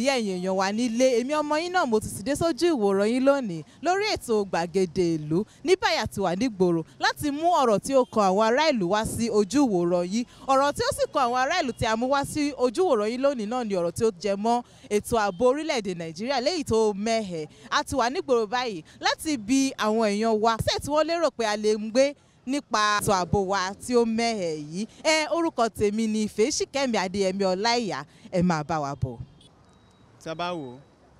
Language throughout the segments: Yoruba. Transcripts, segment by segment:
ìwòye ẹ̀yin èèyàn wa nílé èmi ọmọ yín náà mo ti sì dé sójú ìwòran yín lónìí lórí ètò gbàgede ìlú ní báyà tí wà nígboro láti mú ọ̀rọ̀ tí ó kan àwọn ará ìlú wá sí ojú ìwòran yìí ọ̀rọ̀ tí ó sì kan àwọn ará ìlú tí a mú wá sí ojú ìwòran yìí lónìí náà ni ọ̀rọ̀ tí ó jẹ mọ́ ètò ààbò orílẹ̀-èdè Nàìjíríà léyìí tó mẹ́hẹ̀ a ti wà nígboro báyìí bi àwọn èèyàn wa ṣé tí wọ́n lérò pé a lè ń gbé nípa ètò ààbò wa tí ó mẹ́hẹ̀ yìí ẹ orúkọ tèmi ni Ìfẹ́ Ṣìkẹ́mi Adéyẹmí Ọláìyá ẹ máa bá wa bọ̀ tí a bá wò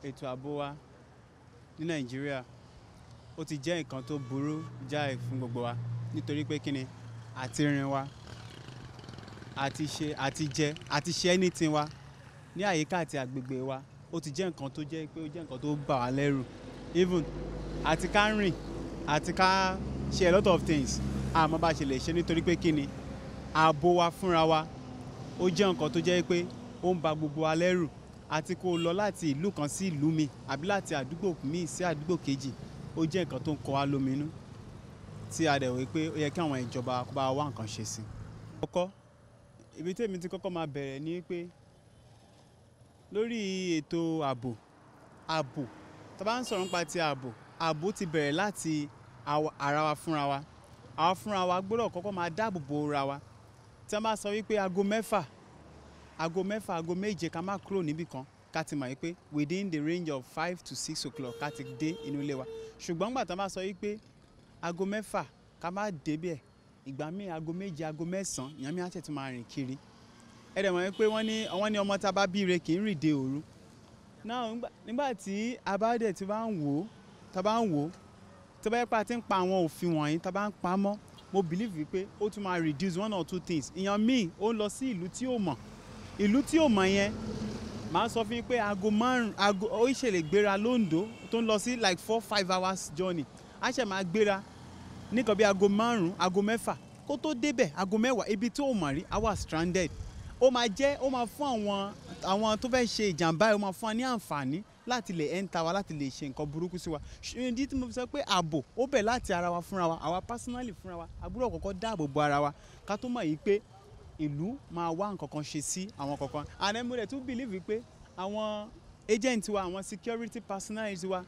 ètò ààbò wa ní nàìjíríà ó ti jẹ́ nǹkan tó burú jáì fún gbogbo wa nítorí pé kíni àti rìn wa àti ṣe àti jẹ àti ṣe anything wa ní àyíká àti àgbègbè wa ó ti jẹ́ nǹkan tó jẹ́ pé ó jẹ́ nǹkan tó bà wá lẹ́rù even àti ká rìn àti ká ṣe a lot of things àmọ́ bá ṣe lè ṣe nítorí pé kíni ààbò wa fúnra wa ó jẹ́ nǹkan tó jẹ́ pé ó ń bà gbogbo wa lẹ́rù àti kó lọ láti ìlú kan sí ìlú mi àbí láti àdúgbò míì sí àdúgbò kejì ó jẹ́ nǹkan tó ń kọ wá lóminú tí a dẹ̀ wí pé ó yẹ kí àwọn ìjọba kó bá wá nǹkan ṣe sí. kọ́kọ́ ibi tèmi ti kọ́kọ́ máa bẹ̀rẹ̀ ni pé lórí ètò ààbò ààbò tó bá ń sọ̀rọ̀ nípa ti ààbò ààbò ti bẹ̀rẹ̀ láti ara wa fúnra wa àwa fúnra wa gbọ́dọ̀ kọ́kọ́ máa dáàbò bo ra wa tí wọ́n bá sọ wípé aago mẹ́fà aago mẹ́fà aago méje ká má kúrò níbì kan ká ti mọ̀ yìí pé within the range of five to six o'clock ká ti dé inú ilé wa ṣùgbọ́n gbà tán bá sọ yìí pé aago mẹ́fà ká má débi ẹ̀ ìgbà míì aago méje aago mẹ́sàn-án ìyàn mi á tètè máa rìn kiri ẹ dẹ̀ mọ̀ pé wọ́n ní wọ́n ní ọmọ tá a bá bíire kì í rìn de òru náà nígbà tí a bá dẹ̀ ti bá ń wò ó tá a bá ń wò ó tó bá yẹ pé a ti ń pa àwọn òfin wọ̀nyí tá a bá ń pa mọ́ mo believe wípé ó tún máa reduce one or two things ìyàn míì ó lọ sí ìlú tí ò mọ̀ ìlú tí ò mọ̀ yẹn màá sọ fún yín pé aago márùn aago ó ṣẹlẹ̀ gbéra lóńdó tó ń lọ sí like four five hours journey a ṣẹ̀ máa gbéra nìkan bí aago márùn aago mẹ́fà kó tó débẹ̀ aago mẹ́wàá ibi tí ò mọ̀ rí a wà stranded ó máa jẹ́ ó máa fún àwọn àwọn tó fẹ́ ṣe ìjàmbá yìí ó máa fún wa ní àǹfààní láti lè ẹ́ńtà wa láti lè ṣe nǹkan burúkú sí wa ìdí tí mo fi sọ pé ààbò ó bẹ̀ láti ara wa fúnra wa àwa personally fúnra wa a gbọ́dọ̀ kọ́kọ́ dáàbò bo ara wa ká tó mọ̀ yìí pé ìlú máa wá nǹkan kan ṣe sí àwọn kankan and tún believe pé àwọn agents wa àwọn security personnel wa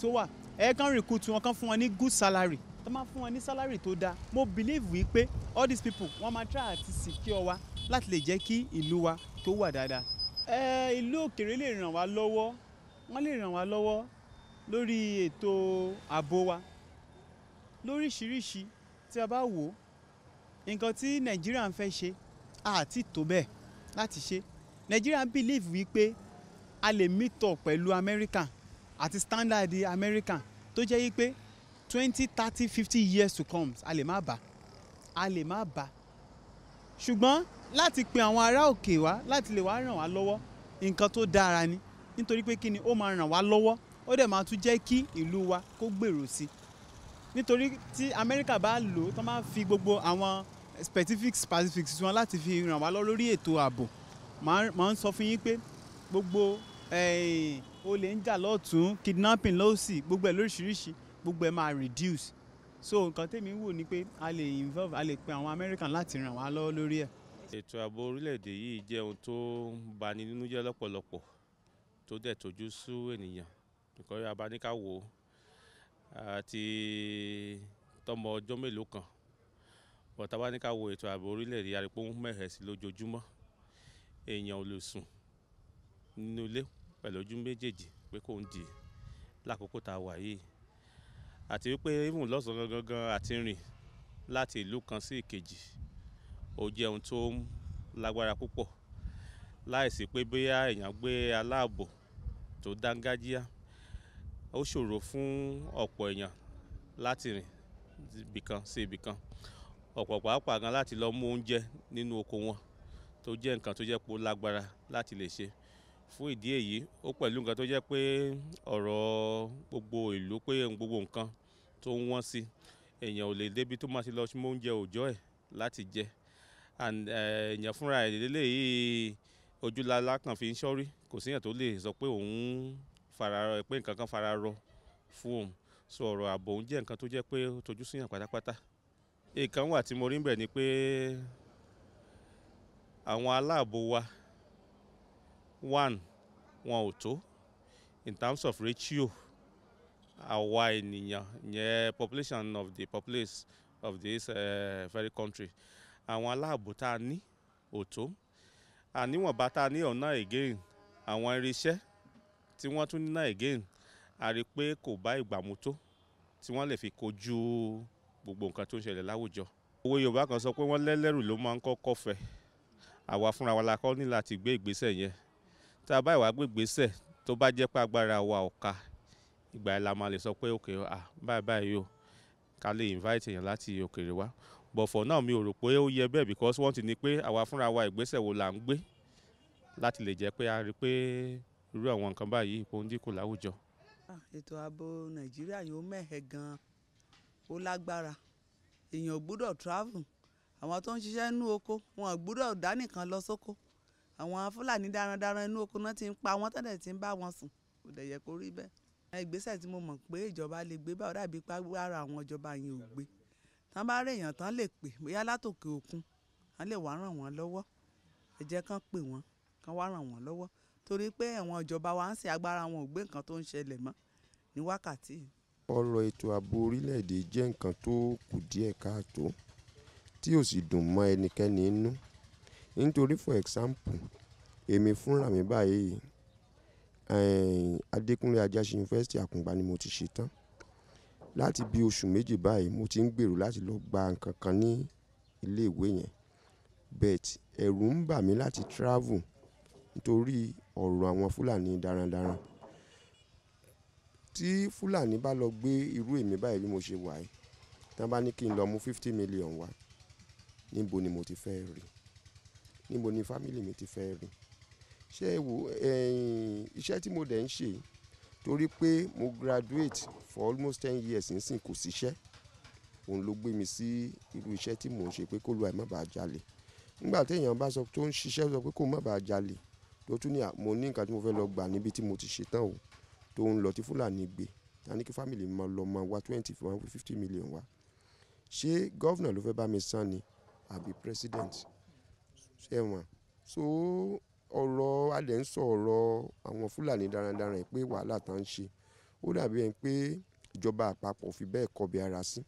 tó wà ẹ kàn recruit wọn kàn fún wọn ní good salary tó máa fún wọn ní salary tó dáa mo believe wípé all these people wọ́n máa try àti secure wa láti lè jẹ́ kí ìlú wa tó wà dáadáa. ẹ ìlú òkèrè lè ràn wá lọ́wọ́ wọ́n lè ràn wá lọ́wọ́ lórí ètò ààbò wa lóríṣiríṣi tí a bá wò ó nǹkan tí nàìjíríà ń fẹ́ ṣe àti tó bẹ́ẹ̀ láti ṣe nàìjíríà believe wípé a lè meet up pẹ̀lú amẹ́ríkà àti standard amẹ́ríkà tó jẹ́ wípé twenty thirty fifty years to come a lè má bà a lè má bà ṣùgbọ́n láti pe àwọn ará òkè wá láti lè wá ràn wá lọ́wọ́ nǹkan tó dára ni nítorí pé kí ni ó máa ràn wá lọ́wọ́ ó dẹ̀ máa tún jẹ́ kí ìlú wa kó gbèrò sí i nítorí tí amẹ́ríkà bá lò ó tó máa fi gbogbo àwọn specifics specifics wọn láti fi ràn wá lọ lórí ètò ààbò màá ń sọ fún yín pé gbogbo eh, olè ń jà lọ́tún kidnapping lọ́sì gbogbo ẹ̀ lóríṣiríṣi gbogbo ẹ̀ máa reduce so nǹkan tèmi wò ni pé a lè involve a lè pe àwọn American láti ràn wá lọ́wọ́ lórí ẹ̀. ètò ààbò orílẹ̀-èdè yìí jẹ́ ohun tó ń bani nínú jẹ́ lọ́pọ̀lọpọ̀ tó dẹ̀ tójú sú ènìyàn nítorí abaníkàwò àti tọmọ ọjọ́ mélòó kan bọ̀tà bá ní ká wo ètò ààbò orílẹ̀-èdè arípò ń mẹ̀hẹ̀ sí lójoojúmọ́ èèyàn ò lè sùn nínú ilé pẹ̀lú ojú méjèèjì pé kò ń di lákòókò tá a wà yìí àti wípé even lọ́sàn-án gangan àti rìn láti ìlú kan sí ìkejì ó jẹ́ ohun tó lágbára púpọ̀ láìsí pé bóyá èèyàn gbé aláàbò tó dángájíá ó ṣòro fún ọ̀pọ̀ èèyàn láti rìn ibìkan sí ibìkan. Si ọ̀pọ̀ pàápàá gan láti lọ mú oúnjẹ nínú oko wọn tó jẹ́ nǹkan tó jẹ́ pé ó lágbára láti lè ṣe fún ìdí èyí ó pẹ̀lú nǹkan tó jẹ́ pé ọ̀rọ̀ gbogbo ìlú pé gbogbo nǹkan tó ń wọ́n sí èèyàn ò lè débi tó máa ti lọ mú oúnjẹ òòjọ́ ẹ̀ láti jẹ èèyàn fúnra ẹ̀ lélẹ́yìí ojúlala kan fi ń ṣọ́rí kò síyàn tó lè sọ pé òun fararọ pé nǹkan kan fararọ fún òun so ọ̀rọ̀ ààbò òun nǹkan tó jẹ́ pé ó tojú síyàn pátápátá nǹkan wà tí mo rí bẹ̀ ni pé àwọn aláàbò wa one wọn ò tó in terms of ratio àwa ènìyàn yẹn population of the populace of this eh, very country àwọn aláàbò tá a ní ò tó àníwọ̀nba tá a ní ọ̀nà again àwọn irinṣẹ́ tí wọ́n tún ní náà again a rí i pé kò bá ìgbà mu tó tí wọ́n lè fi kojú gbogbo nǹkan tó ń ṣẹlẹ̀ láwùjọ. òwe yorùbá kan sọ pé wọ́n lẹ́lẹ́rù ló máa ń kọ́kọ́ fẹ́ àwa fúnra wa la kọ́ ní láti gbé ìgbésẹ̀ yẹn tá a bá ìwà gbé ìgbésẹ̀ tó bá jẹ́ pé agbára wa ò ìgbà yẹn la máa lè sọ pé òkè à báyìí báyìí o ká lè invite èèyàn láti òkèèrè wá but for mi ò rò pé ó yẹ bẹ́ẹ̀ because wọ́n ti ní pé àwa fúnra wa ìgbésẹ̀ wo là ń gbé láti lè jẹ́ pé a rí pé irú àwọn nǹkan báyìí ipò ń dínkù láwùjọ. Ah, ètò ààbò nàìjíríà yóò mẹ́hẹ̀ gan-an ó lágbára èèyàn ò gbúdọ̀ travel àwọn tó ń ṣiṣẹ́ inú oko wọn ò gbúdọ̀ dá nìkan lọ sóko àwọn fúlàní darandaran inú oko náà ti ń pa wọn tọ́lẹ̀ ti ń bá wọn sùn kò dẹ̀ yẹ kó rí bẹ́ẹ̀. ìgbésẹ̀ tí mo mọ̀ pé ìjọba lè gbé báwo dàbí pàgbára àwọn ìjọba yẹn ò gbé tán bá rí èèyàn tán lè pè bóyá látòkè òkun tán lè wá ràn wọ́n lọ́wọ́ ẹ jẹ́ kán pè wọ́n kán wá ràn wọ́n lọ́wọ́ torí pé àwọn ìjọba wa ń sin agbára wọn ò gbé nǹkan tó ń ṣẹlẹ̀ mọ́ ní wákàtí yìí Ọ̀rọ̀ ètò ààbò orílẹ̀-èdè jẹ́ nǹkan tó kù díẹ̀ káàtó, tí ó sì dùn mọ́ ẹnikẹ́ni nínú. Nítorí for example, èmi fúnra mi báyìí, Adékúnlé Ajáṣin University Àkùngbá ni mo ti ṣe tán. Láti bí oṣù méjì báyìí mo ti ń gbèrò láti lọ gba nǹkan kan ní ilé ìwé yẹn. But ẹ̀rù ń bà mí láti travel nítorí ọ̀rọ̀ àwọn Fúlàní darandaran tí fúlàní bá lọ gbé irú èmi báyìí bí mo ṣe wà yìí tí wọ́n bá ní kí n lọ mú fifty million wá níbo ni mo ti fẹ́ rí níbo ni fámìlì mi ti fẹ́ rí ṣé ẹ wò iṣẹ́ tí mo dẹ̀ ń ṣe torí pé mo graduate for almost ten years nísìnyí kò síṣẹ́ òun ló gbé mi sí irú iṣẹ́ tí mò ń ṣe pé kó lu àìmọ́ bàá jalè nígbà téèyàn bá sọ tó ń ṣiṣẹ́ sọ pé kó má bàá jalè tó tún mo ní nǹkan tí mo fẹ́ lọ gbà níbi tí mo ti ṣe tán o tó ń lọ tí fúlàní gbé ta ní kí lọ máa wá twenty fi máa wá fifty million wa. ṣé gọ́vnà ló fẹ́ bá mi san ni àbí president ṣẹ̀wọ̀n so ọ̀rọ̀ alẹ̀ ń sọ ọ̀rọ̀ àwọn fúlàní darandaran pé wàhálà tá ń ṣe ó dàbí ẹni pé ìjọba àpapọ̀ fi bẹ́ẹ̀ kọbi ara sí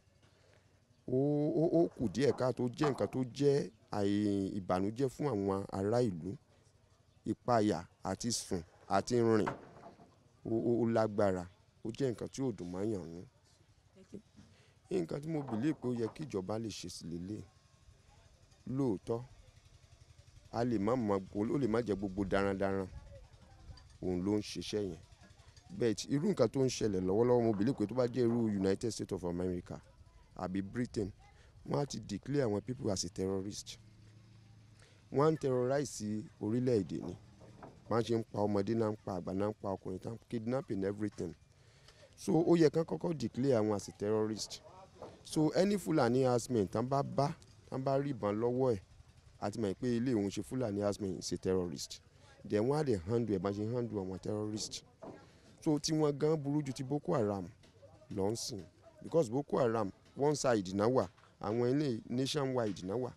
ó kù díẹ̀ ká tó jẹ́ nǹkan tó jẹ́ ìbànújẹ́ fún àwọn ará ìlú ìpayà àti sùn àti rìn ó lágbára ó jẹ́ nǹkan tí ò dùn mọ́yàn ni nǹkan tí mo bìlí pé ó yẹ kí ìjọba lè ṣe sí lélẹ̀ lóòótọ́ a lè má mọ ó lè má jẹ́ gbogbo darandaran òun ló ń ṣiṣẹ́ yẹn bẹ́ẹ̀ tí irú nǹkan tó ń ṣẹlẹ̀ lọ́wọ́lọ́wọ́ mo bìlí pé tó bá jẹ́ irú United States of America àbí Britain wọ́n á ti declare àwọn people as a terrorist wọ́n á terrorize orílẹ̀-èdè ni máa ṣe ń pa ọmọdé náà ń pa àgbà náà ń pa ọkùnrin náà kidnapping everything so ó yẹ kán kọ́kọ́ declare àwọn as a terrorist so any Fulani herdsmen tán bá bá tán bá rí ìbọn lọ́wọ́ ẹ̀ àti mọ̀ pé ilé òun ṣe Fulani herdsmen ṣe terrorist then wọ́n á lè handle ẹ̀ bá ṣe handle àwọn terrorist so tí wọ́n gan burú ju ti Boko Haram lọ ń sìn because Boko Haram one side náà wà àwọn ilé nationwide náà wà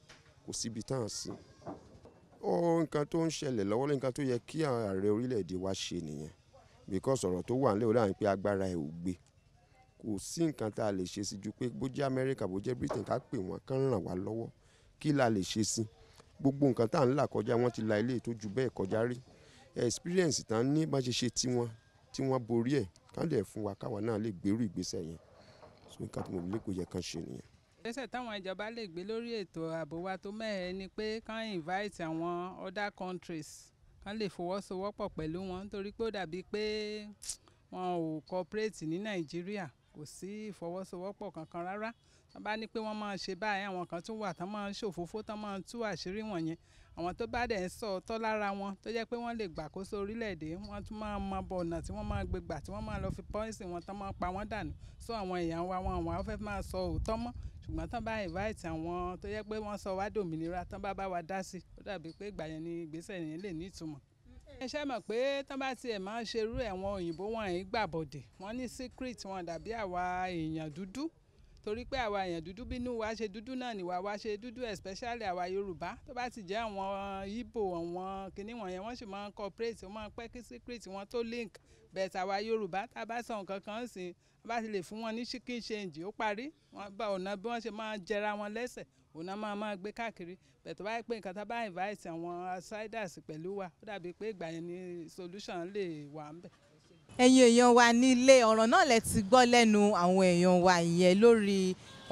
kò síbi tán sìn ó nǹkan tó ń ṣẹlẹ̀ lọ́wọ́lé nǹkan tó yẹ kí ààrẹ orílẹ̀-èdè wa ṣe nìyẹn because ọ̀rọ̀ tó wà nílẹ̀ òun láàrin pé agbára ẹ̀ ò gbé kò sí nǹkan tá a lè ṣe sí ju pé bó jẹ́ Amẹ́ríkà bó jẹ́ Britain ká pè wọ́n kán ràn wá lọ́wọ́ kí la lè ṣe sí gbogbo nǹkan tá à ń là kọjá wọ́n ti la ilé tó ju bẹ́ẹ̀ kọjá rí experience tá ń ní bá ṣe ṣe tiwọn tí wọ́n borí ẹ̀ ká dẹ̀ fún wa káwa náà lè gbèrú ìgbésẹ̀ yẹn so nǹkan tó mọ̀ lé kò yẹ kán ṣe nìyẹn ìgbésẹ̀ táwọn ìjọba lè gbé lórí ètò ààbò wa tó mẹ́hẹ ni pé kán invite àwọn other countries kán lè fọwọ́sowọ́pọ̀ pẹ̀lú wọn nítorí pé ó dàbí pé wọn ò cooperate ní nàìjíríà kò sí ìfọwọ́sowọ́pọ̀ kankan rárá wọ́n bá ní pé wọ́n máa ṣe báyìí àwọn kan tún wà tán máa ń ṣòfófó tán máa ń tú àṣírí wọ̀nyẹn àwọn tó bá dẹ̀ ń sọ ọ̀tọ̀ lára wọn tó jẹ́ pé wọ́n lè gbàkóso orílẹ̀-èdè wọ́n tún máa mọ bọ̀nà tí wọ́n máa gbé gbà tí wọ́n máa lọ fi pọ́ìsì wọn tán máa pa wọ́n dànù sọ àwọn èèyàn wa wọn àwọn afẹ́fẹ́ máa sọ òótọ́ mọ́ ṣùgbọ́n tán bá invite àwọn tó yẹ pé wọ́n sọ wá dòmìnira tán bá bá wa dá sí ó dàbí pé ìgbà yẹn ni ìgbésẹ̀ yẹn lè ní ìtumọ̀ ẹ mọ̀ pé tán bá tiẹ̀ máa ń ṣerú ẹ̀wọ̀n òyìnbó wọn yìí gbàbọ̀dẹ̀ wọ́n ní secret wọn dàbí àwa èèyàn dúdú torí pé àwa èèyàn dúdú bínú wa ṣe dúdú náà nìwà wa ṣe dúdú especially àwa Yorùbá tó bá ti jẹ́ àwọn Ìgbò àwọn kìnnìwọ̀n yẹn wọ́n sì máa ń cooperate wọ́n máa ń pẹ́ kí secret wọn tó link bẹ̀ẹ̀sì àwa yorùbá tá a bá sọ nǹkan kan sí i bá ti lè fún wọn ní chicken change ó parí wọn bá ọ̀nà bí wọ́n ṣe máa jẹra wọn lẹ́sẹ̀ ọ̀nà máa máa gbé káàkiri bẹ̀ẹ̀ tó pé nǹkan tá a bá invite àwọn outsiders pẹ̀lú wa ó dàbí pé ìgbà yẹn ni solution lè wà ń bẹ̀. ẹ̀yin èèyàn wa nílé ọ̀rọ̀ náà lẹ ti gbọ́ lẹ́nu àwọn èèyàn wa ìyẹn lórí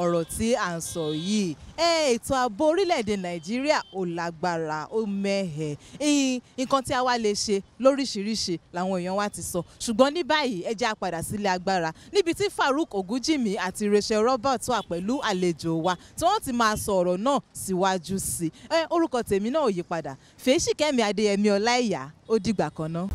ọ̀rọ̀ tí à ń sọ yìí ètò ààbò orílẹ̀-èdè nàìjíríà ò lágbára ó mẹ́hẹ̀ nǹkan tí a wá lè ṣe lóríṣìíríṣìí làwọn èèyàn wa ti sọ ṣùgbọ́n ní báyìí ẹ jẹ́ á padà sílé agbára níbi tí Farouk Ogunjimi àti Rachel Robert wà pẹ̀lú àlejò wa tí wọ́n ti máa sọ ọ̀rọ̀ náà síwájú sí i orúkọ tèmi náà ò yí padà Fèyíṣìkẹ́mi Adéyẹmí Ọláìyá ó dìgbà kan náà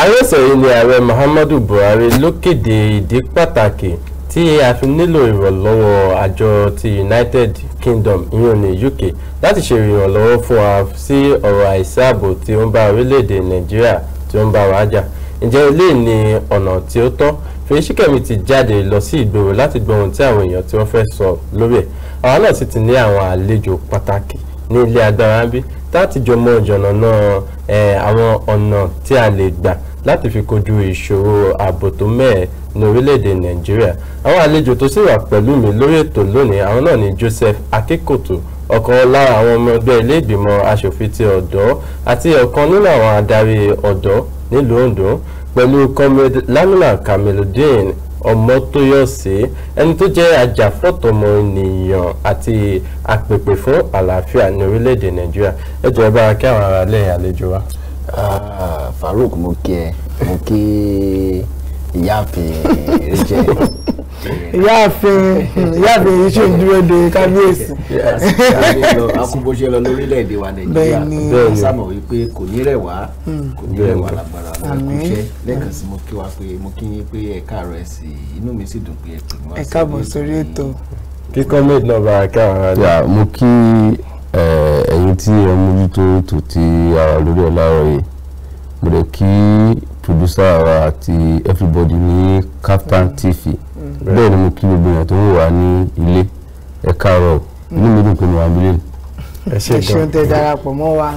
àrẹ́sẹ̀ yìí ni ààrẹ Muhammadu Buhari ló kéde ìdí pàtàkì tí a fi nílò ìrànlọ́wọ́ àjọ ti United Kingdom ìyẹn ní UK láti ṣe ìrànlọ́wọ́ fún wa sí ọ̀rọ̀ àìsí ààbò tí ó ń bá orílẹ̀-èdè Nàìjíríà tí ó ń bá wa jà ǹjẹ́ ilé ní ọ̀nà tí ó tọ́ Fèyíṣíkẹ́mi ti jáde lọ sí ìgboro láti gbọ́ ohun tí àwọn èèyàn tí wọ́n fẹ́ sọ lórí ẹ̀ àwa náà sì ti ní àwọn àlejò pàtàkì ní ilé agbára bí láti jọ mọ ìjọ̀nàna àwọn ọ̀nà tí a lè gbà láti fi kojú ìṣòro ààbò tó mẹ́ẹ̀ẹ́ lórílẹ̀‐èdè nàìjíríà àwọn àlejò tó sì wà pẹ̀lú mi lórí ètò lónìí àwọn náà ni joseph akíkòtò ọ̀kan lára àwọn ọmọ ẹgbẹ́ ilé ìgbìmọ̀ asòfin ti ọ̀dọ́ àti ọ̀kan nínú àwọn adarí ọ̀dọ́ nílùú ondo pẹ̀lú comrade lamina kamiludeen ọmọtóyọ̀sí ẹni tó jẹ́ ajàfọ́tọ̀mọnìyàn àti àpèpè fún àlàáfíà ní orílẹ̀-èdè nàìjíríà ẹ jọ̀ọ́ bá kí àwọn ará àlejò wa. Ah, farouk mo kí ẹ mo kí ìyáàfin ìrìjẹ. ìyáàfin ìyáàfin yìí ṣe ń dúró de kábíyèsí. akúbóṣe lọ lórílẹ̀‐èdè wa nàìjíríà bẹ́ẹ̀ sámọ̀ wípé kò ní rẹ̀ wá hmm. kò ní rẹ̀ wá lágbára lọ́kùnṣẹ́ lẹ́ẹ̀kan sí mo kí wa pé mo kí yín pé ẹ káàárọ̀ ẹ sì inú mi sì dùn pé ẹ pè wá sí. ẹ káàbọ̀ sórí ètò. kíkọ́ méjì náà bá a kí àwọn rẹ̀. mo kí ẹ̀yin tí ẹ mójútó ètò tí ara lórí ẹ̀ láàárọ̀ yìí mo lè kí producer wa àti everybody ní Kaftan mm. TV mm. bẹ́ẹ̀ ni mo kí gbogbo èèyàn tó ń wà ní ilé ẹ káàárọ̀ mm. inú mi dùn pé mo wà nílé ni. ẹ ṣeun tẹ darapọ̀ mọ́ wa.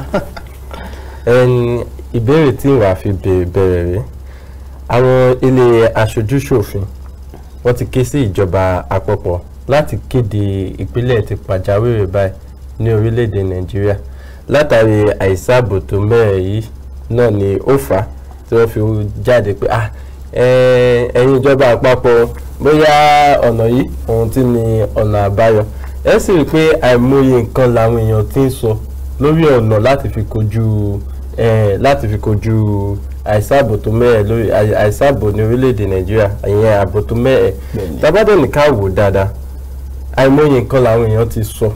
ìbéèrè tí ìwà fi bẹ̀rẹ̀ rèé àwọn ilé aṣojúṣòfin wọ́n ti ké sí ìjọba àpapọ̀ láti kéde ìpínlẹ̀ ti pàjáwìrì báyìí ní orílẹ̀-èdè Nàìjíríà látàrí àìsàbò tó mẹ́rẹ̀ yìí náà ni ó fà á tí wọ́n fi jáde pé ah ẹ̀yin ìjọba àpapọ̀ bóyá ọ̀nà yìí ohun tí ni ọ̀nà àbáyọ ẹ sì rí i pé àìmọye nǹkan làwọn èèyàn ti ń sọ lórí ọ̀nà láti fi kojú láti fi kojú àìsàbò tó mẹ́ẹ̀ lórí àìsàbò ní orílẹ̀-èdè nàìjíríà ìyẹn àbò tó mẹ́ẹ̀ tabadẹ́nì ká wò dáadáa àìmọye nǹkan làwọn èèyàn ti sọ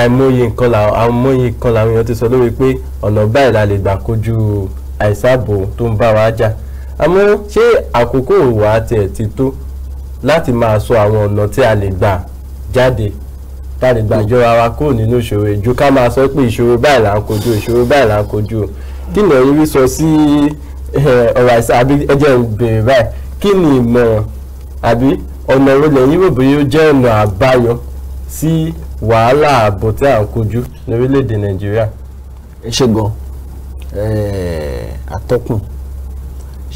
àìmọye nǹkan làwọn èèyàn ti sọ lórí pé ọ̀nà báyìí la lè gbà kojú àìsàbò tó ń bá wa jà àmọ́ ṣé àkókò wa tiẹ̀ ti tó láti máa sọ àwọn ọ̀nà tí a lè gbà jáde tá a lè gbà jọra wa kúrò nínú ìṣòro ju ká máa sọ pé ìṣòro báyìí là ń kojú ìṣòro báyìí là ń sọ sí ọ̀rọ̀ àìsàn àbí ń bèrè báyìí kí ni ìmọ̀ràn àbí ọ̀nà lẹ́yìn rò bóyá ó jẹ́ ọ̀nà àbáyọ sí wàhálà ààbò tí à ń Eh, atọ́kùn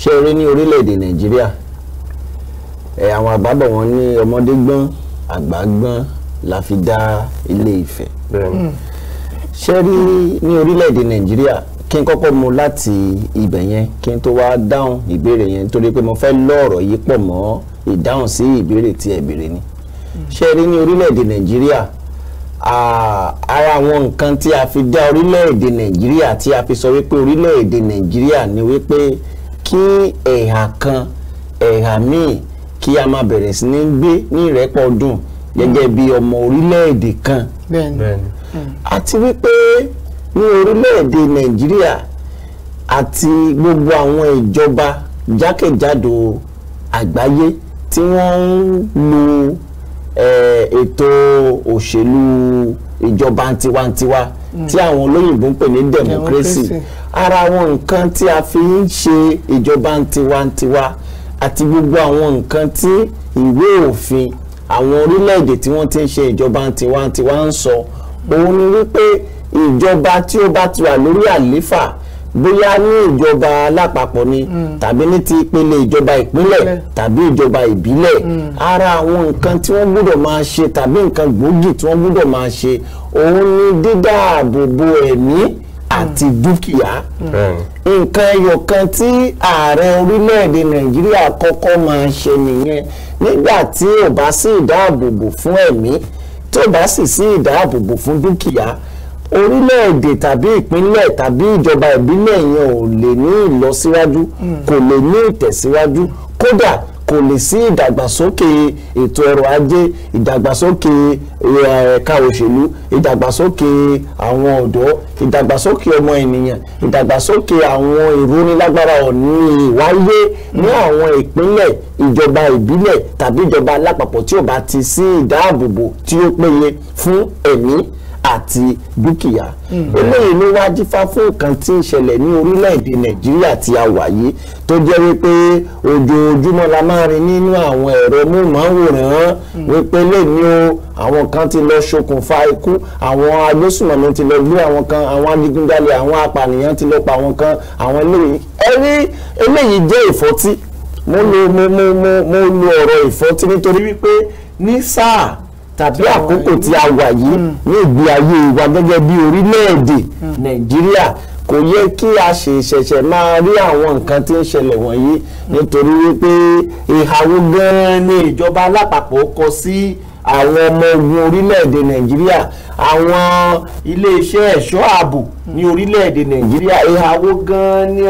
ṣé orí ní orílẹ̀-èdè nàìjíríà eh, àwọn àbábọ̀ wọn ní ọmọdé gbọ́n àgbà gbọ́n la fi dá ilé Ifẹ̀ hmm. ṣé rí ní orílẹ̀-èdè nàìjíríà kí n kọ́kọ́ mu láti ibẹ̀ yẹn kí n tó wá dáhùn ìbéèrè yẹn torí pé mo fẹ́ lọ ọ̀rọ̀ yìí pọ̀ mọ́ ìdáhùn sí ìbéèrè tí ẹ béèrè ni hmm. ṣé rí ní orílẹ̀-èdè nàìjíríà ara àwọn nǹkan tí a fi dá orílẹ̀-èdè nàìjíríà tí a fi sọ wípé orílẹ̀-èdè nàìjíríà ni wípé kí ẹ̀hà kan ẹ̀hà míì kí a máa bẹ̀rẹ̀ sí ní gbé ní ìrẹ́pọ̀ ọdún gẹ́gẹ́ bí ọmọ orílẹ̀-èdè kan hmm. àti wípé ní orílẹ̀-èdè nàìjíríà àti gbogbo àwọn ìjọba jákèjádò àgbáyé tí wọ́n ń lo ètò òṣèlú ìjọba tiwantiwa hmm. tí àwọn olóyìnbó ń pè ní democracy ara àwọn nǹkan tí a fi ń ṣe ìjọba tiwantiwa àti gbogbo àwọn nǹkan tí ìwé òfin àwọn orílẹ̀-èdè tí wọ́n ti ń ṣe ìjọba tiwantiwa ń sọ òun ni wípé ìjọba tí ó bá ti wà lórí àlééfà bóyá ní ìjọba alápapọ̀ ni mm. tàbí ní ti ìpele ìjọba ìpínlẹ̀ tàbí ìjọba ìbílẹ̀ mm. ara àwọn nǹkan tí wọ́n gbọ́dọ̀ máa ṣe tàbí nǹkan gbòógì tí wọ́n gbọ́dọ̀ máa ṣe òun ni dídáàbòbò ẹ̀mí àti mm. dúkìá nǹkan ẹyọ kan tí ààrẹ orílẹ̀-èdè nàìjíríà kọ́kọ́ máa ṣe nìyẹn nígbà tí ò bá sí ìdáàbòbò fún ẹ̀mí tí ò bá sì sí ìdáàbòbò fún dúkìá orílẹ̀-èdè tàbí ìpínlẹ̀ tàbí ìjọba ìbílẹ̀ yẹn ò lè ní ìlọsíwájú kò lè ní ìtẹ̀síwájú kódà kò lè sí ìdàgbàsókè ètò ọrọ̀ ajé ìdàgbàsókè eh, ẹ̀ka òṣèlú ìdàgbàsókè àwọn ọ̀dọ́ ìdàgbàsókè ọmọ ènìyàn ìdàgbàsókè àwọn ìrónilágbára ọ̀ní ìwáyé ní àwọn ìpínlẹ̀ ìjọba ìbílẹ̀ tàbí ìjọba alápapọ̀ tí ò bá ti sí ìdáàbòbò tí ó péye fún ẹ̀mí àti dúkìá eléyìí ló wá dífá fún nǹkan tí ń ṣẹlẹ̀ ní orílẹ̀-èdè nàìjíríà tí a wà yìí tó jẹ́ wípé ojoojúmọ́ la máa rí nínú àwọn ẹ̀rọ móhùnmáwòrán wípé lẹ́ni o àwọn kan ti lọ ṣokùnfà ikú àwọn agbésùnmọ̀mí ti lọ gbé àwọn kan àwọn adigunjalè àwọn apànìyàn ti lọ pa àwọn kan àwọn eléyìí eléyìí jẹ́ ìfọ́tí mo lo ọ̀rọ̀ ìfọ́tí nítorí wípé ní sáà tàbí àkókò tí a wà yìí hmm. ní ìgbé ayé wa gẹ́gẹ́ bí orílẹ̀-èdè hmm. nàìjíríà kò yẹ kí a ṣe ṣẹ̀ṣẹ̀ máa rí àwọn nǹkan tí ń ṣẹlẹ̀ wọ̀nyí hmm. nítorí wípé ìhàwó gan-an ni ìjọba alápapọ̀ kọ sí àwọn ọmọ ogun orílẹ̀-èdè nàìjíríà àwọn iléeṣẹ́ ẹ̀ṣọ́ ààbò ní orílẹ̀-èdè nàìjíríà ìhàwó gan-an ni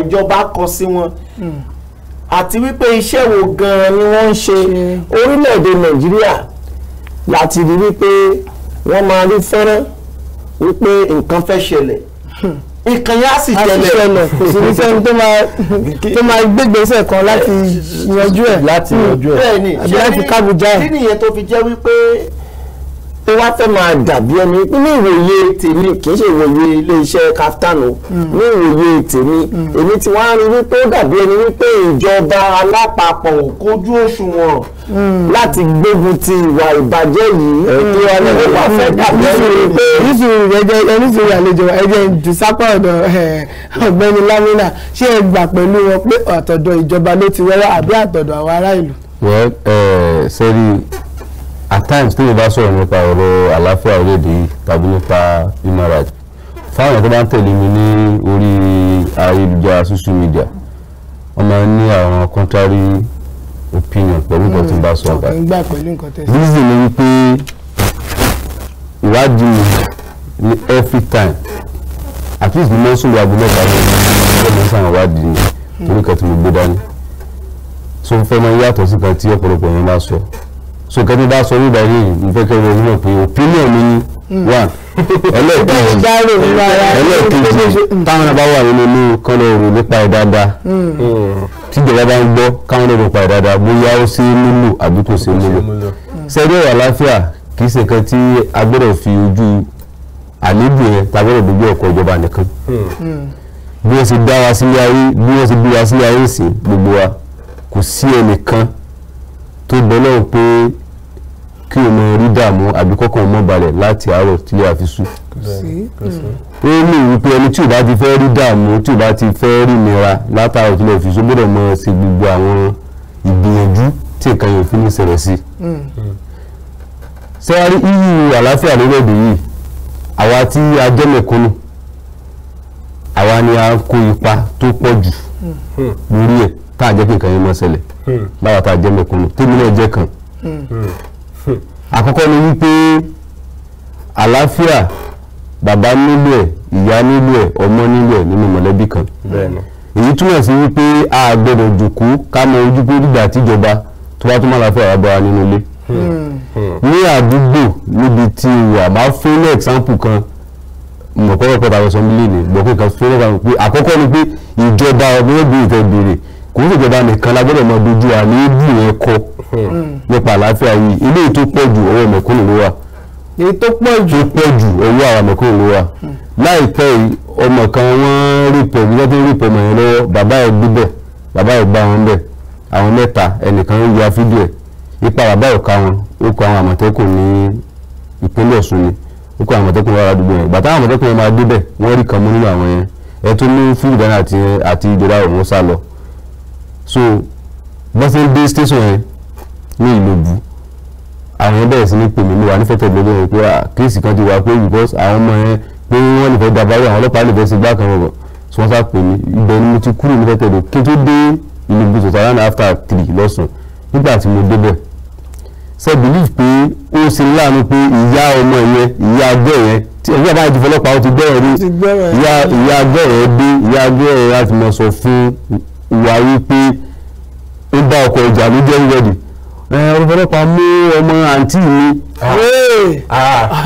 ìjọba kọ sí wọn àti wípé iṣẹ́ wo gan-an ni wọ́n ń ṣe orílẹ̀-èdè nàìjíríà láti rí wípé wọ́n máa rí fẹ́rẹ́ wípé nǹkan fẹ́ ṣẹlẹ̀ ìkànnì á sì ṣẹlẹ̀ kò sí wípé ẹni tó máa gbégbèsè kan láti yanjú ẹ̀ láti yanjú ẹ̀ àbí láti kábùjá ẹ̀. kí nìyẹn tó fi jẹ́ wípé ó wá fẹ́ máa dàbí ẹni pé ní ìwòye tèmi kì í ṣe ìwòye iléeṣẹ́ Kaftan o ní ìwòye tèmi èmi ti wá rí wípé ó dàbí ẹni wípé ìjọba alápapọ̀ kójú òṣùwọ̀n láti gbógun ti ìwà ìbàjẹ́ yìí kí ọlọ́run wà fẹ́ dàbí ẹni wípé. nísìnyí ẹjẹ nísìnyí àlejò ẹjẹ ìdùsápá ọ̀dọ̀ ọ̀gbẹ́ni Lamina ṣé ẹ gbà pẹ̀lú wọn pé àtọ̀dọ̀ ìjọba ló ti wẹ́rẹ́ àbí àtọ̀dọ̀ àwọn ará ìlú. wẹ́ẹ́ sẹ́rí at times tí mo bá sọ̀rọ̀ nípa ọ̀rọ̀ àlàáfíà orílẹ̀-èdè tàbí nípa human rights fáwọn tó bá ń tẹ̀lé mi ní orí ayélujára social media wọ́n máa ń ní àwọn contrary opinion pẹ̀lú nǹkan tí mo bá sọ ọ̀gá reason ni wípé ìwádìí ní every time at least mo máa ń sọ̀rọ̀ abúlé ọ̀gá mi ọ̀gá mi sàn ìwádìí ni torí kan tí mo gbé dání so fẹ́ máa yàtọ̀ sí kan tí ọ̀pọ̀lọpọ̀ yẹn bá sọ so kẹ́ni bá sọ wíwá yìí mo fẹ́ kẹ́ ronú pé opinion mi ni hmm. one ẹlẹ́ẹ̀kejì ẹlẹ́ẹ̀kejì táwọn bá wà nínú kọ́nà òru nípa ẹ̀ dáadáa hmm. tíjọba bá ń gbọ́ káwọn èrò pa ẹ̀ dáadáa bóyá ó ṣe é múlò àbí kò ṣe é múlò sẹ́dọ̀ hmm. àlàáfíà kì í ṣe kan tí a gbọ́dọ̀ fi ojú àlébù yẹn tàbí ọ̀rọ̀ gbogbo ọkọ̀ ìjọba nìkan bí wọ́n ṣe dá wa sílé ayé bí wọ́n ṣe bí sílé ayé sí gbogbo wa kò sí ẹnìkan tó bọ́ náà pé kí o máa rí dààmú àbí kọ́kọ́ mọ́ balẹ̀ láti àárọ̀ tílé àfisù. ó lè wí pé ẹni tí ò bá ti fẹ́ rí dààmú tí ò bá ti fẹ́ rí ìnira látàárọ̀ tílé àfisù gbọ́dọ̀ máa ṣe gbogbo àwọn ìgbìyànjú tí nǹkan yóò fi ní ṣẹlẹ̀ sí. sẹ́wárí hmm. iyì àlàáfíà lórílẹ̀‐èdè yìí àwa tí a jẹ́ mẹ̀kúnnù àwa ni a kó ipa tó pọ̀ jù hmm. lórí ẹ̀ tá a jẹ́ kí nǹkan yẹn máa ṣẹlẹ̀ hmm. láwa tá a jẹ́ mẹ̀kúnnù tèmi náà jẹ́ kan àkọ́kọ́ ni wípé àlàáfíà bàbá nílò ẹ̀ ìyá nílò ẹ̀ ọmọ nílò ẹ̀ nínú mọ̀lẹ́bí kan èyí túmọ̀ sí wípé a gbọ́dọ̀ jòkó ká mọ ojú pé dídà àtijọba tó bá tún máa láfẹ́ àwọn abọ́ra nínú ilé hmm. ní àdúgbò níbi tí wà bá fún ní example kan mọ̀kọ́rọ̀kọ́ tàbí sọmílì ni gbọ́kọ́ kan fún ní example pé àkọ́kọ́ ni pé ìjọba ọmọ ẹgbẹ́ ìfẹ́ béèrè kò ń ṣèjọba nìkan la gbọ́dọ̀ máa dojú yẹn kọ́ Hmm. Hmm. nípa àlàáfíà yìí ilé tó pọ̀ jù ọwọ́ mẹ̀kúnnù ló wà èyí tó pọ̀ jù tó pọ̀ jù ọwọ́ àwọn mẹ̀kúnnù ló wà hmm. láìpẹ́ yìí ọmọ kan wọ́n rìpọ̀ bí wọ́n ti rìpọ̀ mọ̀ yẹn lọ́wọ́ bàbá ẹ̀ gbígbẹ̀ bàbá ẹ̀ gbá wọn bẹ̀ àwọn mẹ́ta ẹnìkan ń ya fídíò ẹ̀ ipa bàbá ọ̀ka wọn ó kọ àwọn àmọ̀tẹ́kùn ní ìpínlẹ̀ Ọ̀ṣun ni ó kọ àwọn àmọ̀tẹ́kùn wọn àdúgbò yẹn bàtà àwọn àmọ̀tẹ́kùn yẹn so bọ́sẹ̀ dé station ní ìlòbù àwọn bẹ̀rẹ̀ sí ní pèmí ló wà nífẹ̀ẹ́ tẹ̀lé lórí pé ah, kéèsì kan ti wà pé because àwọn ọmọ yẹn pé wọ́n lè fẹ́ dabarú àwọn ọlọ́pàá lè fẹ́ sí gbá kan rọ̀bọ̀ tí wọ́n sá pè mí ibẹ̀ ni mo ti kúrò nífẹ̀ẹ́ tẹ̀lé kí n tó dé ìlòbù tó náà after three lọ́sàn nígbà tí mo débẹ̀ ṣe believe pé ó ṣe láàánú pé ìyá ọmọ yẹn ìyá agbẹ́ yẹn tí ẹ̀rí àbáyé ti fọlọ́pàá ó ti gbẹ́rẹ̀ rí ìyá agbẹ́ yẹn dé ìyá agbẹ́ yẹn láti mọ̀ sọ fún wa wípé ó bá ọkọ̀ ìjà ló jẹ́ ń wẹ̀dì ọ̀pọ̀lọpọ̀ mú ọmọ àǹtí mi. ọgbẹ́ni ah. ah.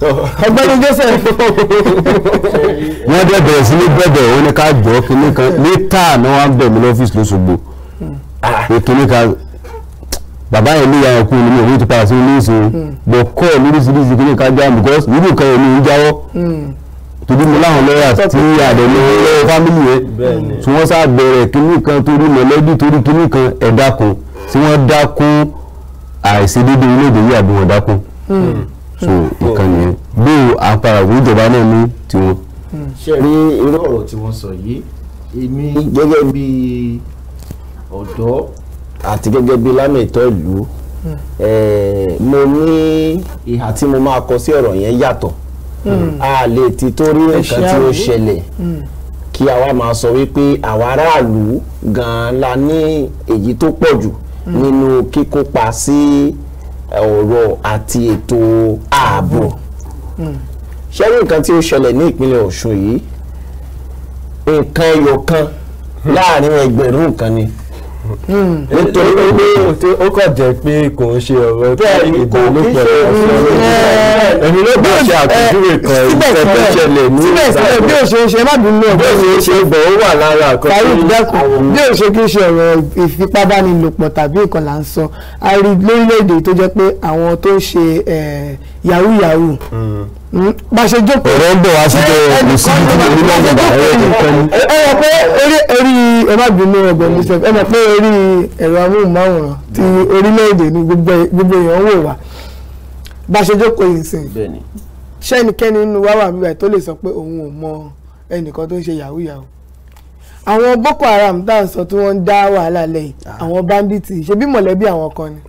ah. Joseph. wọ́n dẹ̀ bẹ̀rẹ̀ sí ní bẹ̀bẹ̀ òun ni ká jọ kínní kan ní táà náà wọ́n á bẹ̀ mí lọ́fíìsì lọ́sọ̀gbọ̀ pé kínní kan bàbá yẹn ní ìyá yẹn kú nínú òun ti padà sí ilé ìsìn bọ̀ hmm. kọ́ ọ̀ lóríṣiríṣi kínní kan jáwọ́ because nínú nǹkan yẹn ni ń jáwọ́ hmm. torí mo láwọn lọ́yà tí àdé ní hmm. ilé fámìlì yẹn tí wọ́n sá bẹ̀rẹ̀ kínní kan torí mọ̀lẹ́bí torí kínní kan ẹ̀dá kan tí wọ́n dákún àìṣedéédé orílẹ̀-èdè yìí àbí wọ́n dákún hmm. so nǹkan nìyẹn bí àpárá ìjọba náà ní tiwọn. Hmm. ṣe rí irú ọ̀rọ̀ tí wọ́n sọ yìí èmi gẹ́gẹ́ bí ọ̀dọ́ àti gẹ́gẹ́ bí lámẹ̀tọ́ ìlú hmm. mo ní ìhà tí mo máa kọ sí ọ̀rọ̀ yẹn yàtọ̀ a lè ti torí nǹkan tí ó ṣẹlẹ̀ kí àwa máa sọ wípé àwa aráàlú gan-an la ní èyí tó pọ̀ jù nínú kíkópa sí ọ̀rọ̀ àti ètò ààbò hmm. ṣẹ́rí nǹkan tí ó ṣẹlẹ̀ ní ìpínlẹ̀ Ọ̀ṣun yìí nǹkan ẹyọ hmm. láàrin ẹgbẹ̀rún kan ni. Hmm. nítorí pé hmm. ó kàn jẹ́ pé kò ń ṣe ọ̀rọ̀ pé ìdánilópọ̀ ẹ̀mí ló bá ṣe àpèjúwe eh, kan ìfẹ́ tó ṣẹlẹ̀ ní ìgbà síbẹ̀síbẹ̀ bí ó ṣe ń ṣe má bínú ọ̀gbọ́n bí ó ṣe ń bọ̀ ó wà lára àkọsílẹ̀ bí ó ṣe kí ń ṣe ọ̀rọ̀ ìfipábánilòpọ̀ tàbí ìkan là ń sọ a rí lórílẹ̀‐èdè tó jẹ́ pé àwọn tó ń ṣe eh, yahoo yahoo hmm bá ṣe jókòó ọ̀rọ̀ ń bọ̀ wá sí pé ìsìnkú ní lọ́gbọ̀gbà ẹ̀rọ ìpẹ́lú. ẹ mọ̀ pé orí orí ẹ má bínú ọ̀gbẹ́ mr ẹ mọ̀ pé orí ẹ̀rọ amóhùnmáwòrán ti orílẹ̀-èdè ní gbogbo èèyàn wò wá bá ṣe jókòó yìí sìn ṣé ẹnikẹ́ni nínú wa wà níbẹ̀ tó lè sọ pé òun ò mọ ẹnìkan tó ń ṣe yahoo yahoo àwọn boko haram tá à ń sọ tí wọ́n ń dá wàhálà lẹ́yìn ah. àwọn bandits ṣe bí mọ̀lẹ́bí àwọn kan ni.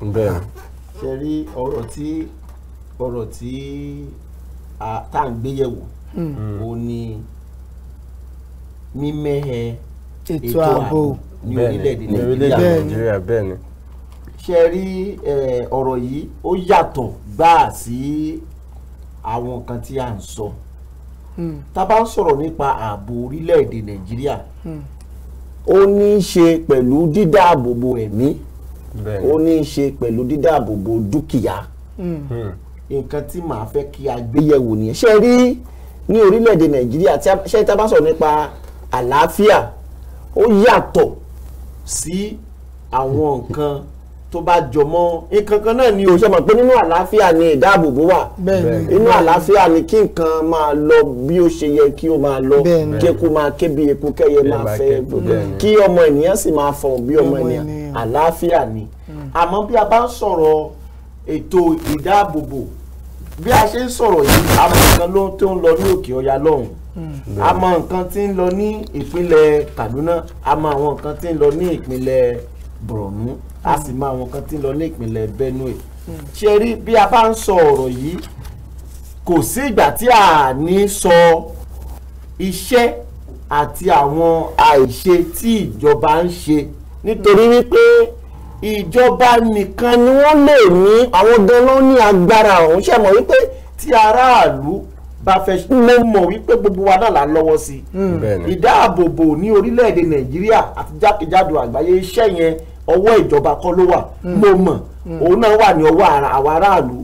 ṣe rí ọ̀rọ̀ tí ọ̀rọ̀ tí tá à ń gbéyẹ̀wò ó hmm. hmm. ní mímẹ́hẹ ètò ààbò ní orílẹ̀-èdè nàìjíríà bẹ́ẹ̀ ni ṣe rí ọ̀rọ̀ yìí ó yàtọ̀ gbáà sí àwọn kan tí a ń sọ hmm. tá a bá ń sọ̀rọ̀ nípa ààbò orílẹ̀-èdè nàìjíríà ó ní í ṣe pẹ̀lú dídáàbòbò ẹ̀mí ó ní í ṣe pẹ̀lú dídáàbòbò dúkìá nǹkan tí màá fẹ́ kí a gbé yẹ̀wò nìyẹn ṣe rí ní orílẹ̀-èdè nàìjíríà ṣe tá a bá sọ̀rọ̀ nípa àlàáfíà ó yàtọ̀ sí àwọn nǹkan tó bá jọmọ́ nǹkankan náà ni o ṣe mọ̀ pé nínú àlàáfíà ni ìdáàbòbò wà nínú àlàáfíà ni kí nǹkan máa lọ bí ó ṣe yẹ kí ó máa lọ kí eku máa ké bí eku kẹ́yẹ máa fẹ́ kí ọmọ ènìyàn sì máa fọ̀n bí ọmọ ènìyàn àlàáfíà ni hmm. àmọ́ bí a bá ń sọ̀rọ̀ ètò ìdáàbòbò bí a ṣe ń sọ̀rọ̀ yìí a mọ nǹkan ló tó ń lọ ní òkè ọya lọ́hùn hmm. a mọ nǹkan tí ń lọ ní ìpínlẹ̀ Kaduna a mọ àwọn nǹkan tí ń lọ ní ìpínlẹ̀ Borno a sì mọ àwọn nǹkan tí ń lọ ní ìpínlẹ̀ Benue hmm. ṣe rí bí a bá ń sọ yìí kò sí ìgbà tí a ní sọ iṣẹ́ àti àwọn àìṣe tí ìjọba ń ṣe nítorí wípé ìjọba nìkan ni wọ́n lè ní àwọn ganan ní agbára ọ̀hún ṣe mọ̀ wípé tí aráàlú bá fẹ́ mo mọ̀ wípé gbogbo wa náà là ń lọ́wọ́ sí i hmm. ìdáàbòbò ní orílẹ̀-èdè nàìjíríà àti jákèjádò àgbáyé iṣẹ́ yẹn ọwọ́ ìjọba kọ́ ló wà hmm. mo mọ̀ hmm. òun náà wà ní ọwọ́ àwọn aráàlú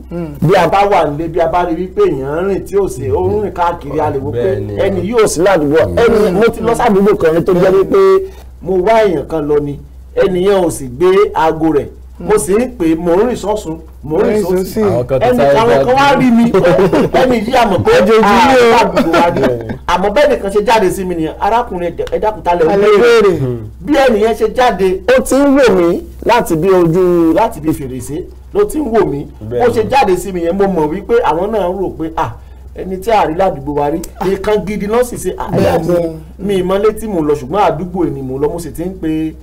bí a bá wà nílé bí a bá rí wípé èèyàn ń rìn tí ò sí ó ń rìn káàkiri a pé ẹni yóò sí ládùúgbò ẹni mo ti lọ sádùúgbò kan tó jẹ́ wípé mo wá èèyàn kan lọ ni ẹnìyẹn ò sì gbé aago rẹ̀ mo sì ń pè mò ń rìn sọ́sùn mò ń rìn sọ́sùn ẹnì àwọn kan wá rí mi ẹnì yìí àmọ̀ pé àbúrò wa ni àmọ́ bẹ́ẹ̀ nìkan ṣe jáde sí mi nìyẹn arákùnrin ẹ̀dákùntàlẹ̀ òbéèrè bí ẹnìyẹn ṣe jáde ó ti ń wò mí láti bí ojú láti bí fèrèsé ló ti ń wò mí ó ṣe jáde sí mi yẹn mo mọ̀ wípé àwọn náà rò pé ah ẹni tí àárí ládùúgbò wa rí nǹkan gidi náà sì ṣe àyà mi mi ìmọ̀lé tí mò ń lọ ṣùgbọ́n àdúgbò ni mò ń lọ mo sì ti ń pe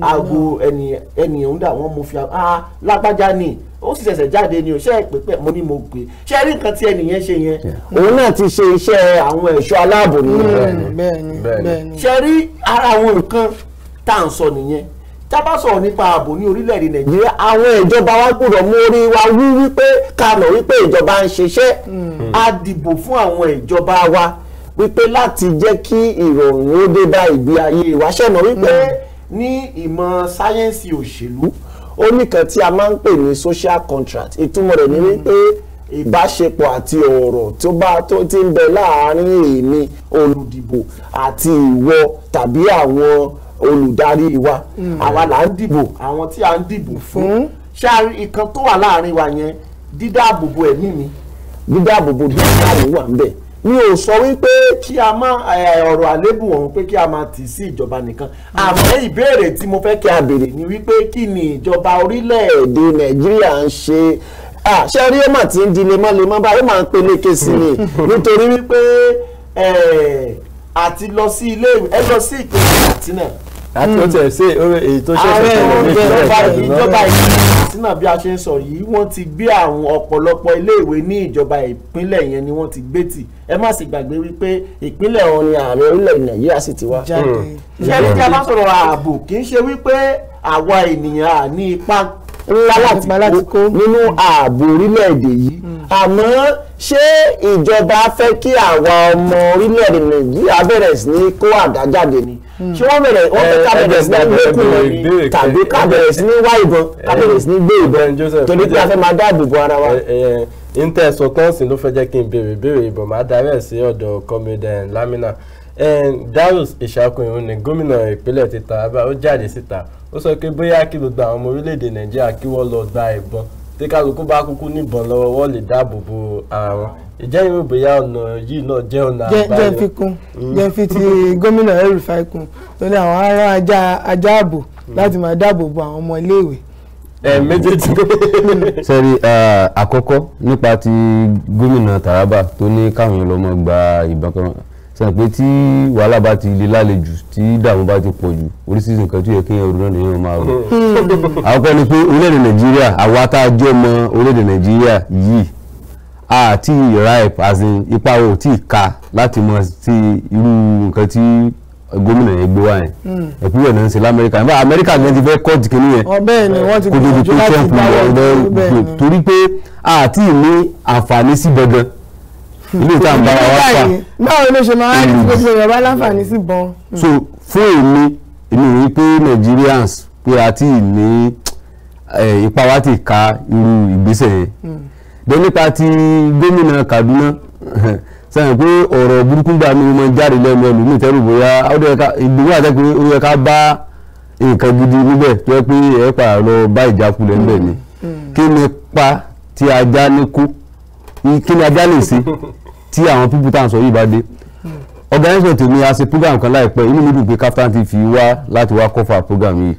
aago ẹni ẹni òun dà wọ́n mo fi ah lágbájá ni ó sì ṣẹ̀ṣẹ̀ jáde ni o ṣe é pépè mo ní mo gbé ṣe rí nǹkan tí ẹnìyẹn ṣe yẹn. òun náà ti ṣe iṣẹ́ àwọn ẹ̀ṣọ́ aláàbò nìyẹn. Hmm, bẹ́ẹ̀ni bẹ́ẹ̀ni ṣe rí ara àwọn nǹkan tá à ń sọ nìyẹn tá a bá sọ̀rọ̀ nípa ààbò ní orílẹ̀-èdè nàìjíríà àwọn ìjọba wa gbọ́dọ̀ mú orí wa wú wípé ká mọ̀ wípé ìjọba ń ṣiṣẹ́ hmm. a dìbò fún àwọn ìjọba wa wípé láti jẹ́ kí ìrọ̀rùn ó dé bá ìgbé ayé wa ṣẹ̀nà wípé. Hmm ní ìmọ̀ sáyẹ́ǹsì òṣèlú ó nìkan tí a máa ń pè ní social contract ìtumọ̀ rẹ̀ ni hmm. wípé ìbáṣepọ̀ àti ọ̀rọ̀ tó bá tó ti ń bẹ láàárín èmi olùdìbò àti ìwọ tàbí àwọn olùdarí wa hmm. àwa là ń dìbò àwọn tí a ń dìbò fún hmm. ṣáà ìkan tó wà láàárín wa yẹn dídáàbòbò ẹ̀mí mi dídáàbòbò dúkìá mi wà ń bẹ̀ mi ò sọ wípé kí a má ọ̀rọ̀ àlébù ọ̀hún pé kí a máa tì sí ìjọba nìkan àmọ́ ìbéèrè tí mo fẹ́ kí a béèrè ni wípé kí ni ìjọba orílẹ̀-èdè nàìjíríà ń ṣe ṣé rí ó mà ti ń di lemọ́lemọ́ bá ó mà ń peléke sí ni nítorí wípé àti lọ sí ilé ẹ lọ sí ìpínlẹ̀ katsina àti ó tẹ̀ ṣe èyí tó ṣẹ̀ṣẹ̀ tẹ̀lé ní ìpínlẹ̀ Kaduna. ìjọba ìpínlẹ̀ Katsina bí a ṣe ń sọ yìí wọ́n ti gbé àwọn ọ̀pọ̀lọpọ̀ iléèwé ní ìjọba ìpínlẹ̀ yẹn ni wọ́n ti gbé tì ẹ má sì gbàgbé wípé ìpínlẹ̀ ọ̀hún ni ààrẹ orílẹ̀ Nàìjíríà sì ti wá. ṣé ní kí a bá sọ̀rọ̀ ààbò kì í ṣe wípé àwa ènìyàn à ní ipá ńlá láti kó nínú ààbò orílẹ̀-èdè yìí hmm. àmọ́ ṣé ìjọba fẹ́ kí àwa ọmọ orílẹ̀-èdè nàìjíríà bẹ̀rẹ̀ sí ní kó àdá jáde ni hmm. ṣé wọ́n bẹ̀rẹ̀ wọ́n fẹ́ ká eh, bẹ̀rẹ̀ sí ní eh, gbẹ́kùn eh, lọ tàbí ká bẹ̀rẹ̀ sí ní wá ìbọn ká bẹ̀rẹ̀ sí ní gbé ìbọn torí pé a fẹ́ máa dáàbò bo ara wa intel sọkọ́nsìn ló fẹ́ jẹ́ kí n béèrè béèrè ìbọn máa darẹ̀ sí ọ̀dọ̀ comedian Lamina Darius Ishaku ni gómìnà ìpínlẹ̀ ti Taraba ó jáde síta ó sọ pé bóyá kí gbogbo àwọn ọmọ orílẹ̀-èdè nàìjíríà kí wọ́n lọ gba ìbọn tí kálukú bá kúkú níbọn lọ́wọ́ wọ́n lè dáàbò bo ara ìjẹ́ ìwé bóyá ọ̀nà yìí náà jẹ́ ọ̀nà àbáyọ. jẹ́ fi kún hmm. jẹ́ fi ti gómìnà el kún lórí àwọn ará ajá ààbò hmm. láti máa dáàbò bo àwọn ọmọ iléèwé méjèèjì. Hmm. sẹ́rí àkọ́kọ́ nípa ti gómìnà Taraba tó ní káwọn ọlọ́mọ gba ìbọn kan sàpé tí wàhálà bá ti le lálejò tí ìdààmú bá ti pọ̀ jù oríṣiríṣi nǹkan tó yẹ kéèyàn rò náà lèèyàn máa rò hmm. àkọ́kọ́ ni pé orílẹ̀-èdè nàìjíríà àwa tá a jẹ́ ọmọ orílẹ̀-èdè nàìjíríà yìí àti ripe as in ipa ò tí ì ka láti mọ sí irú nǹkan tí gómìnà yẹn gbé wá yẹn hmm. ẹ̀kúrẹ́ náà ń ṣe lamẹ́ríkà nígbà amẹ́ríkà gan ti fẹ́ kọ́ ti kínní yẹn kó tó di pé trump lọ torí pé àti ìní àǹfààní sí gangan ilé ìta àbára wá fà. báwo ló ṣe máa ń hmm. ṣe ṣe yorùbá láǹfààní sí bọ́n. Hmm. so fún èmi èmi rí pé Nigerians pé a ti ní ipa wa ti ka irú ìgbésẹ̀ yẹn dẹ hmm. nípa ti gómìnà Kaduna sẹ́yìn pé ọ̀rọ̀ burúkú gbà mí mo jáde lẹ́nu ẹlòmíì tẹ́lú bóyá ìdúró àti pé ó yẹ ká bá nǹkan gidi níbẹ̀ tó yẹ pé ẹ̀ pààrọ̀ lọ bá ìjákulẹ̀ níbẹ̀ ni kí ni pa tí ajá ní kú kí ni ajá lè ṣe tí àwọn pípú tá à ń sọ yìí bá dé organisation tèmi a ṣe program kan láìpẹ́ inú mi dùn pé Kaftan TV wá láti wá kọ́fà program yìí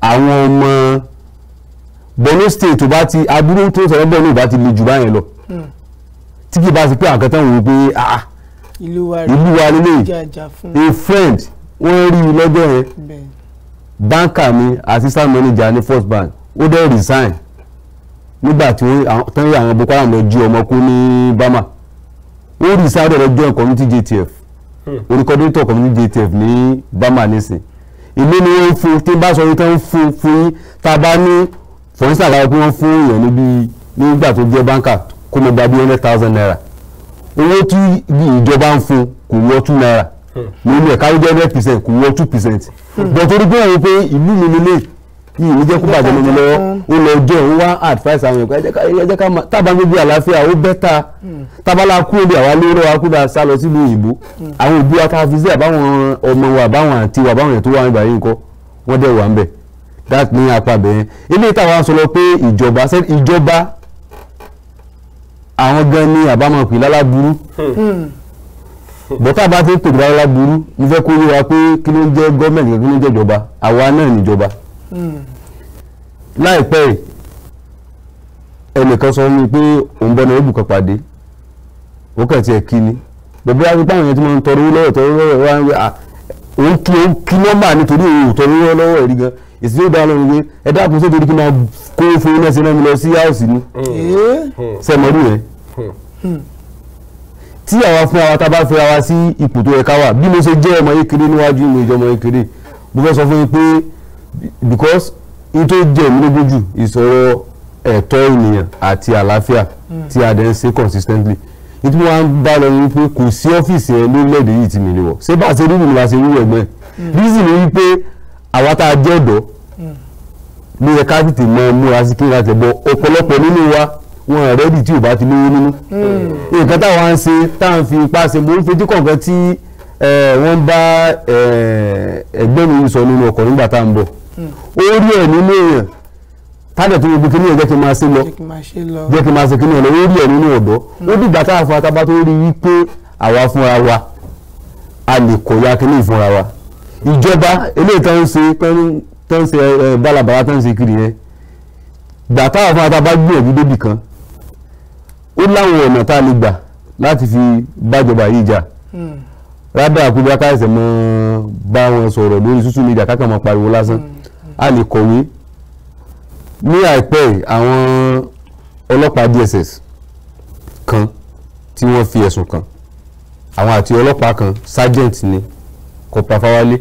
àwọn ọmọ Borno state tó bá ti aburú tó sọ̀rọ̀ bẹ́ẹ̀ ní ìbá ti le jù báyẹn lọ hmm. tí kì bá ti pé àwọn kan tán wò pé ah, ah ìlú wa lélẹ̀ a friend wọ́n rí i lọ́jọ́ yẹn banker mi assistant manager ní first bank ó dẹ̀ resign nígbà tí wọ́n tán yà àwọn boko haram lọ jí ọmọ kú ní Bama. Mm ó rí sáré rẹ̀ join community JTF orúkọ dókítà community JTF ní bama nísìn ìlú ni wọ́n fún tí bá sọ wípé wọ́n fún fún yín tá a bá ní fọ́nísà láwọn pé wọ́n fún èèyàn níbi nígbà tó jẹ́ báńkà kó mo gba bí hundred thousand naira owó tí ìjọba ń fún kò wọ́ two naira hmm. nínú ẹ̀ káwé jẹ́ hundred percent kò wọ́ two percent hmm. But torí pé òun pé ìlú mi nílé yìí ní jẹ́ kó bàjẹ́ lómi lọ́wọ́ ó lọ jọ ń wá advice àwọn ẹ̀kọ́ ẹ jẹ́ ká máa tábà níbi àlàáfíà ó bẹ́ta hmm. tábàlà kú òbí àwa lóró wa kú bá a sá lọ sílùú òyìnbó hmm. àwọn òbí wa ká fi sí àbáwọn ọmọ wa àbáwọn àti wa àbáwọn ẹ̀ tó wà nígbà yìí kọ́ wọ́n dẹ̀ wà ń bẹ̀ that ní apá bẹ̀yẹn eléyìí táwa sọ lọ pé ìjọba ìjọba àwọn gan ni àbámọ̀ pè hmm. bọ́tà bá ti pè lálábúrú mo kó yé wa pé kí ló ń jẹ́ gọ́ọ̀mẹ̀ntì kí ló ń jẹ́ ìjọba àwa náà níjọba láìpẹ́ yìí ẹnìkan sọ fún mi pé òun bọ́ ní ebù kan pàdé ó kàn tiẹ̀ kí ni bẹ̀bẹ̀ wá pípa yẹn tí wọ́n ń tọrọ owó lọ́wọ́ tọrọ lọ́wọ́ wá ń òun kí òun kí nọ́mbà nítorí òun tọrọ owó lọ́wọ́ ẹ̀rí gan pé ẹ sí kí n máa kó fún iná sí lọ sí áùsì ni yẹn tí àwa fún àwa tá a bá fẹ́ àwa sí ipò tó yẹ mo ṣe jẹ́ ọmọ yékeré níwájú sọ because ito tó jẹ́ ìmúlógún jù ìsọ̀rọ̀ ẹ̀tọ́ ènìyàn àti àlàáfíà hmm. tí a dẹ̀ ń consistently ìtí wọn á bá lọ ní pé kò sí ọ́fíìsì ẹ lórílẹ̀‐èdè yìí tí mi lè wọ̀ ṣé bá a ṣe rírì mi la ṣe rírì ẹ̀gbọ́n ẹ̀ hmm. reason ni wípé àwa tá a jẹ́ ọ̀dọ́ hmm. yẹ ká tètè mọ múra sí kí n ra tẹ̀bọ̀ ọ̀pọ̀lọpọ̀ nínú wa wọn àrẹ́dì tí ò bá ti lówó nínú nǹkan táwa ń ṣe tá à ń fi ipá ṣe mò ń fetí kọ̀ọ̀kan tí eh, wọ́n bá eh, ẹgbẹ́ mi sọ nínú ọkọ̀ nígbà tá à ń bọ̀ orí ẹ̀ nínú èèyàn tájà tó gbogbo kíní ẹ̀ jẹ́ kí n máa ṣe lọ jẹ́ kí n máa ṣe kíní ẹ̀ lọ orí ẹ̀ nínú ọ̀dọ́ ó dìgbà tá a fún atábá tó rí wípé àwa fúnra wa a lè kọ̀ ya kíní ìfúnra wa ìjọba eléyìí tó ń ṣe tó ń ṣe bálabàlá tó ń ṣe kiri yẹn gbà tá a fún atábá gbìyànjú débì kan ó láwọn ọ̀nà tá a lè gbà láti fi bájọba yìí jà hmm. rádà kúndé akáyẹsẹ̀ mọ́ bá wọn sọ̀rọ̀ lórí social media kákàn mọ́ pariwo lásán. Mm a lè kọ̀wé ní àìpẹ́ àwọn ọlọ́pàá DSS kan tí wọ́n fi ẹ̀sùn kàn àwọn àti ọlọ́pàá kan sergeant ni kọ́pà fáwálé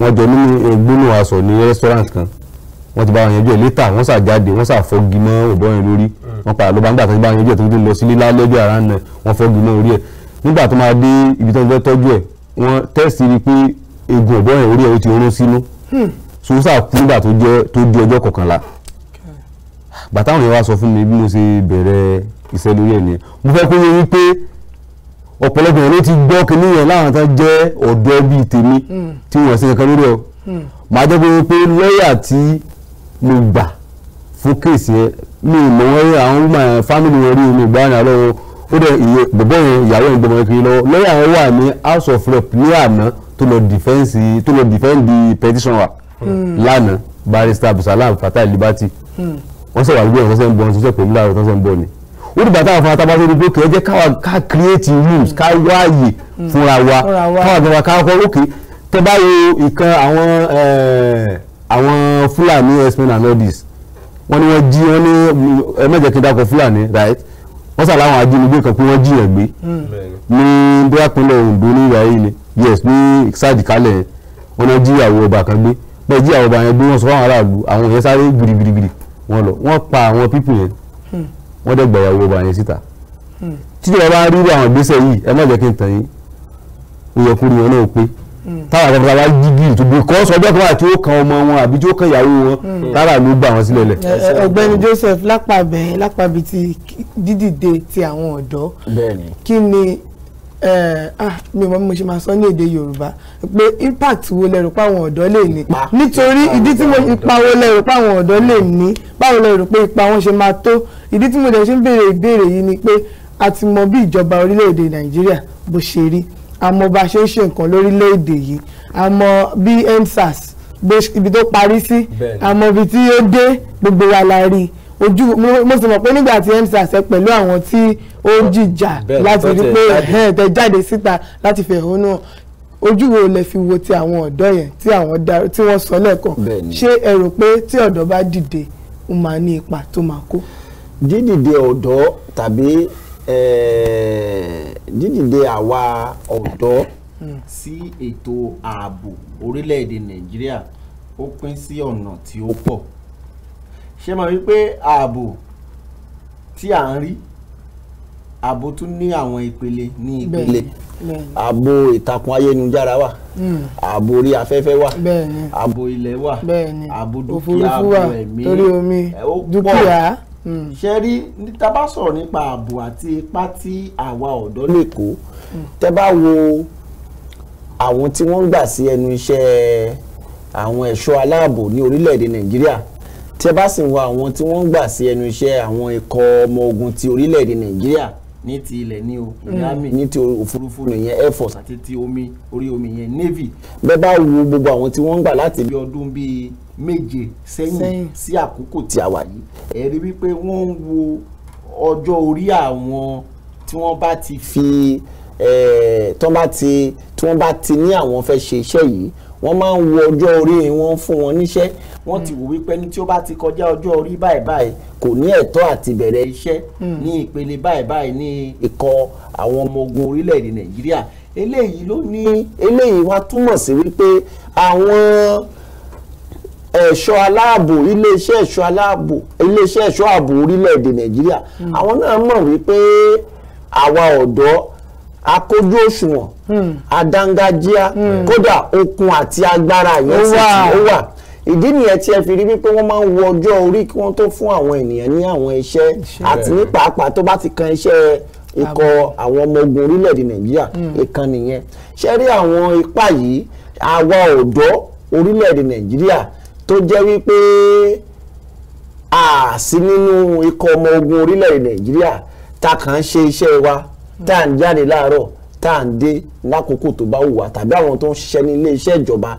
wọ́n jọ nínú gbóná aṣọ ní restaurant kan wọ́n ti bá wọn yanjú ẹ̀ létà wọ́n ṣàjáde wọ́n ṣàfọ́gi mọ́ òbọ̀ yẹn lórí hmm. wọ́n padà ló bá ń gbà tó ti bá wọn yanjú ẹ̀ tó ti lọ sílé lálẹ́bí ara náà wọ́n fọ́gi mọ́ orí ẹ̀ nígbà tó máa dé ibi tó ń fẹ́ tọ́jú ẹ̀ wọ́n tẹ́sì rí pé egun òbọ̀ yẹn orí ẹ̀ ó ti rún sínú Sùúsà kú nígbà tó di ọjọ́ kọkànlá bàtà àwọn èèyàn wá sọ fún mi bí mo ṣe bẹ̀rẹ̀ iṣẹ́ lórí ẹ̀ nìyẹn mo fẹ́ kó yẹ wípé ọ̀pọ̀lọpọ̀ yẹn ló ti gbọ́ kínní yẹn láwọn tó jẹ́ ọ̀dọ́ bíi tèmi tí wọ́n ṣe kankan lórí ọ màá jẹ́ pé pé lọ́ọ̀yà tí mo gbà fún kéèsì yẹn mi ì mọ̀ wọ́n àwọn ọmọ yẹn fámìlì wọn rí mi ìgbà yẹn lọ́wọ́ ó dẹ̀ ìyẹ bọ̀bọ̀ yẹn ìyàwó yẹn gbọmọ kiri lọ́wọ́ lọ́ọ̀yà yẹn wà ní house tó lọ dìfẹ́ǹsì tó lọ dìfẹ́ǹdì petition wa hmm. lánàá barista abdulsalam fatai liberty hmm. wọ́n sọ̀rọ̀ àgbẹ̀ ọ̀sán sẹ́ńbọ̀n ṣiṣẹ́ pẹ̀lú láàrọ̀ ọ̀sán sẹ́ńbọ̀n ni ó dìgbà táwọn fún atábá tó ní pé kẹ́ẹ́ jẹ́ ká create rules ká wáàyè hmm. fúnra wa káwa gbọ́dọ̀ ká kọ́ òkè tẹ́ bá ìkan àwọn eh, àwọn fúlàní x and all wọ́n ní wọ́n jí wọ́n ní ẹ kí n dákọ̀ fúlàní right wọ́n sàlàwọn ajínigbé kan pé wọ́n jiyàn gbé ní bí wọ́n pinnu Ondo ní ìyá yìí ni yes ní sáàdì kálẹ̀ wọn náà jíyàwó ọba kan gbé bẹ́ẹ̀ jíyàwó ọba yẹn gbé wọn sọ fáwọn aráàlú àwọn yẹn sáré gbìrìgbìrì wọn lọ wọn pa àwọn pípù yẹn hmm. wọn dẹ̀ gbàyàwó ọba yẹn síta hmm. tíjọba bá rí àwọn ìgbésẹ̀ yìí ẹ má jẹ́ kí n tàn yín ó yẹ kó rí wọn náà pé hmm. táwọn àgbàlagbà bá jí bíi tó because ọjọ́ kan àti ó kan ọmọ wọn àbí tí ó kan ìyàwó wọn tára ló gbà wọn sílẹ̀ lẹ̀. ọ̀gbẹ́ni Joseph lápàbẹ̀ lápàbí ti dídìde ti àwọn ọ̀dọ́ kí ni Eh, ah, mi ò mọ bí mo ṣe máa sọ ní èdè Yorùbá pé impact wo lẹ rò páwọn ọ̀dọ́ lè ní nítorí ìdí tí mo ipa wo lẹ rò páwọn ọ̀dọ́ lè ní báwo lẹ rò pé ipa wọn ṣe máa tó ìdí tí mo dẹ̀ ṣe ń béèrè ìbéèrè yìí ni pé a ti mọ bí ìjọba orílẹ̀-èdè Nàìjíríà bó ṣe rí a mọ bá a ṣe ń ṣe nǹkan lórílẹ̀-èdè yìí a mọ bí EndSARS ibi tó parí sí a mọ ibi tí ó dé gbogbo wa la rí i ojú mo sì mọ̀ pé nígbà tí endsars ẹ pẹ̀lú àwọn tí ó jìjà láti rí pé ẹ̀hẹ́n tẹ jáde síta láti fẹ̀hónú hàn ojú wo lẹ fi wo ti àwọn ọ̀dọ́ yẹn tí àwọn darí tí wọ́n sọ lẹ́ẹ̀kan ṣé ẹ rò pé tí ọ̀dọ́ bá dìde ó máa ní ipa tó máa kó. dídìde ọ̀dọ́ tàbí dídìde àwa ọ̀dọ́ hmm. sí ètò ààbò orílẹ̀-èdè nàìjíríà ó pín sí ọ̀nà tí ó pọ̀ ṣe mọ̀ wípé ààbò tí à ń rí ààbò tún ní àwọn ìpele ní ìpele ààbò ìtàkùn ayélujára wà hmm. ààbò orí afẹ́fẹ́ wà ààbò ilẹ̀ wà ààbò dúkìá ààbò ẹ̀mí torí omi dúkìá hmm. ṣe rí tá bá sọ̀rọ̀ nípa ààbò àti ipa tí àwa ọ̀dọ́ lè kó hmm. tẹ́ bá wo àwọn tí wọ́n ń gbà sí ẹnu iṣẹ́ àwọn ẹ̀ṣọ́ aláàbò ní orílẹ̀-èdè nàìjíríà tí ẹ bá sì wo àwọn tí wọ́n ń gbà sí ẹnu iṣẹ́ àwọn ikọ̀ ọmọ ogun ti orílẹ̀-èdè nàìjíríà ní ti ilẹ̀ ní o mm. army ní ti òfurufú nìyẹn air force àti ti omi orí omi yẹn navy bẹ́ẹ̀ bá wo gbogbo àwọn tí wọ́n ń gbà láti bí ọdún bíi méje sẹ́yìn sí àkókò tí a wà yìí ẹ rí wípé wọ́n ń wo ọjọ́ orí àwọn tí wọ́n bá ti fi tí wọ́n bá ti ní àwọn fẹ́ ṣe iṣẹ́ yìí wọ́n máa ń wo ọjọ́ orí wọn fún wọn níṣẹ́ wọ́n ti hmm. wò wípé ní tí ó bá ti kọjá ọjọ́ orí báyìí báyìí kò ní ẹ̀tọ́ àti bẹ̀rẹ̀ iṣẹ́ hmm. ní ìpele báyìí báyìí ní ikọ̀ àwọn ọmọ ogun orílẹ̀-èdè Nàìjíríà eléyìí ló ní eléyìí wá túmọ̀ sí wípé àwọn ẹ̀ṣọ́ aláàbò iléeṣẹ́ ẹ̀ṣọ́ aláàbò iléeṣẹ́ ẹ̀ṣọ́ ààbò orílẹ̀-èdè Nàìjíríà hmm. àwọn náà mọ̀ wípé àwa ọ̀dọ́ akójú òṣùwọ̀n àdángájíá hmm. hmm. kódà okun àti agbára yẹn sì ti ó wà ìdí nìyẹn tí ẹ fi rí wípé wọ́n máa ń wo ọjọ́ orí kí wọ́n tó fún àwọn ènìyàn ní àwọn iṣẹ́ àti ní pàápàá tó bá ti kan iṣẹ́ ikọ̀ àwọn ọmọ ogun orílẹ̀ nàìjíríà hmm. ìkan nìyẹn ṣe rí àwọn ipá yìí àwa ọ̀dọ́ orílẹ̀ nàìjíríà tó jẹ́ wípé a sí nínú ikọ̀ ọmọ ogun orílẹ̀-èdè nàìjíríà ta kàn ṣe iṣẹ́ wa tá à ń jáde láàárọ̀ tá à ń dé lákòókò tó bá wùwà tàbí àwọn tó ń ṣiṣẹ́ ní iléeṣẹ́ ìjọba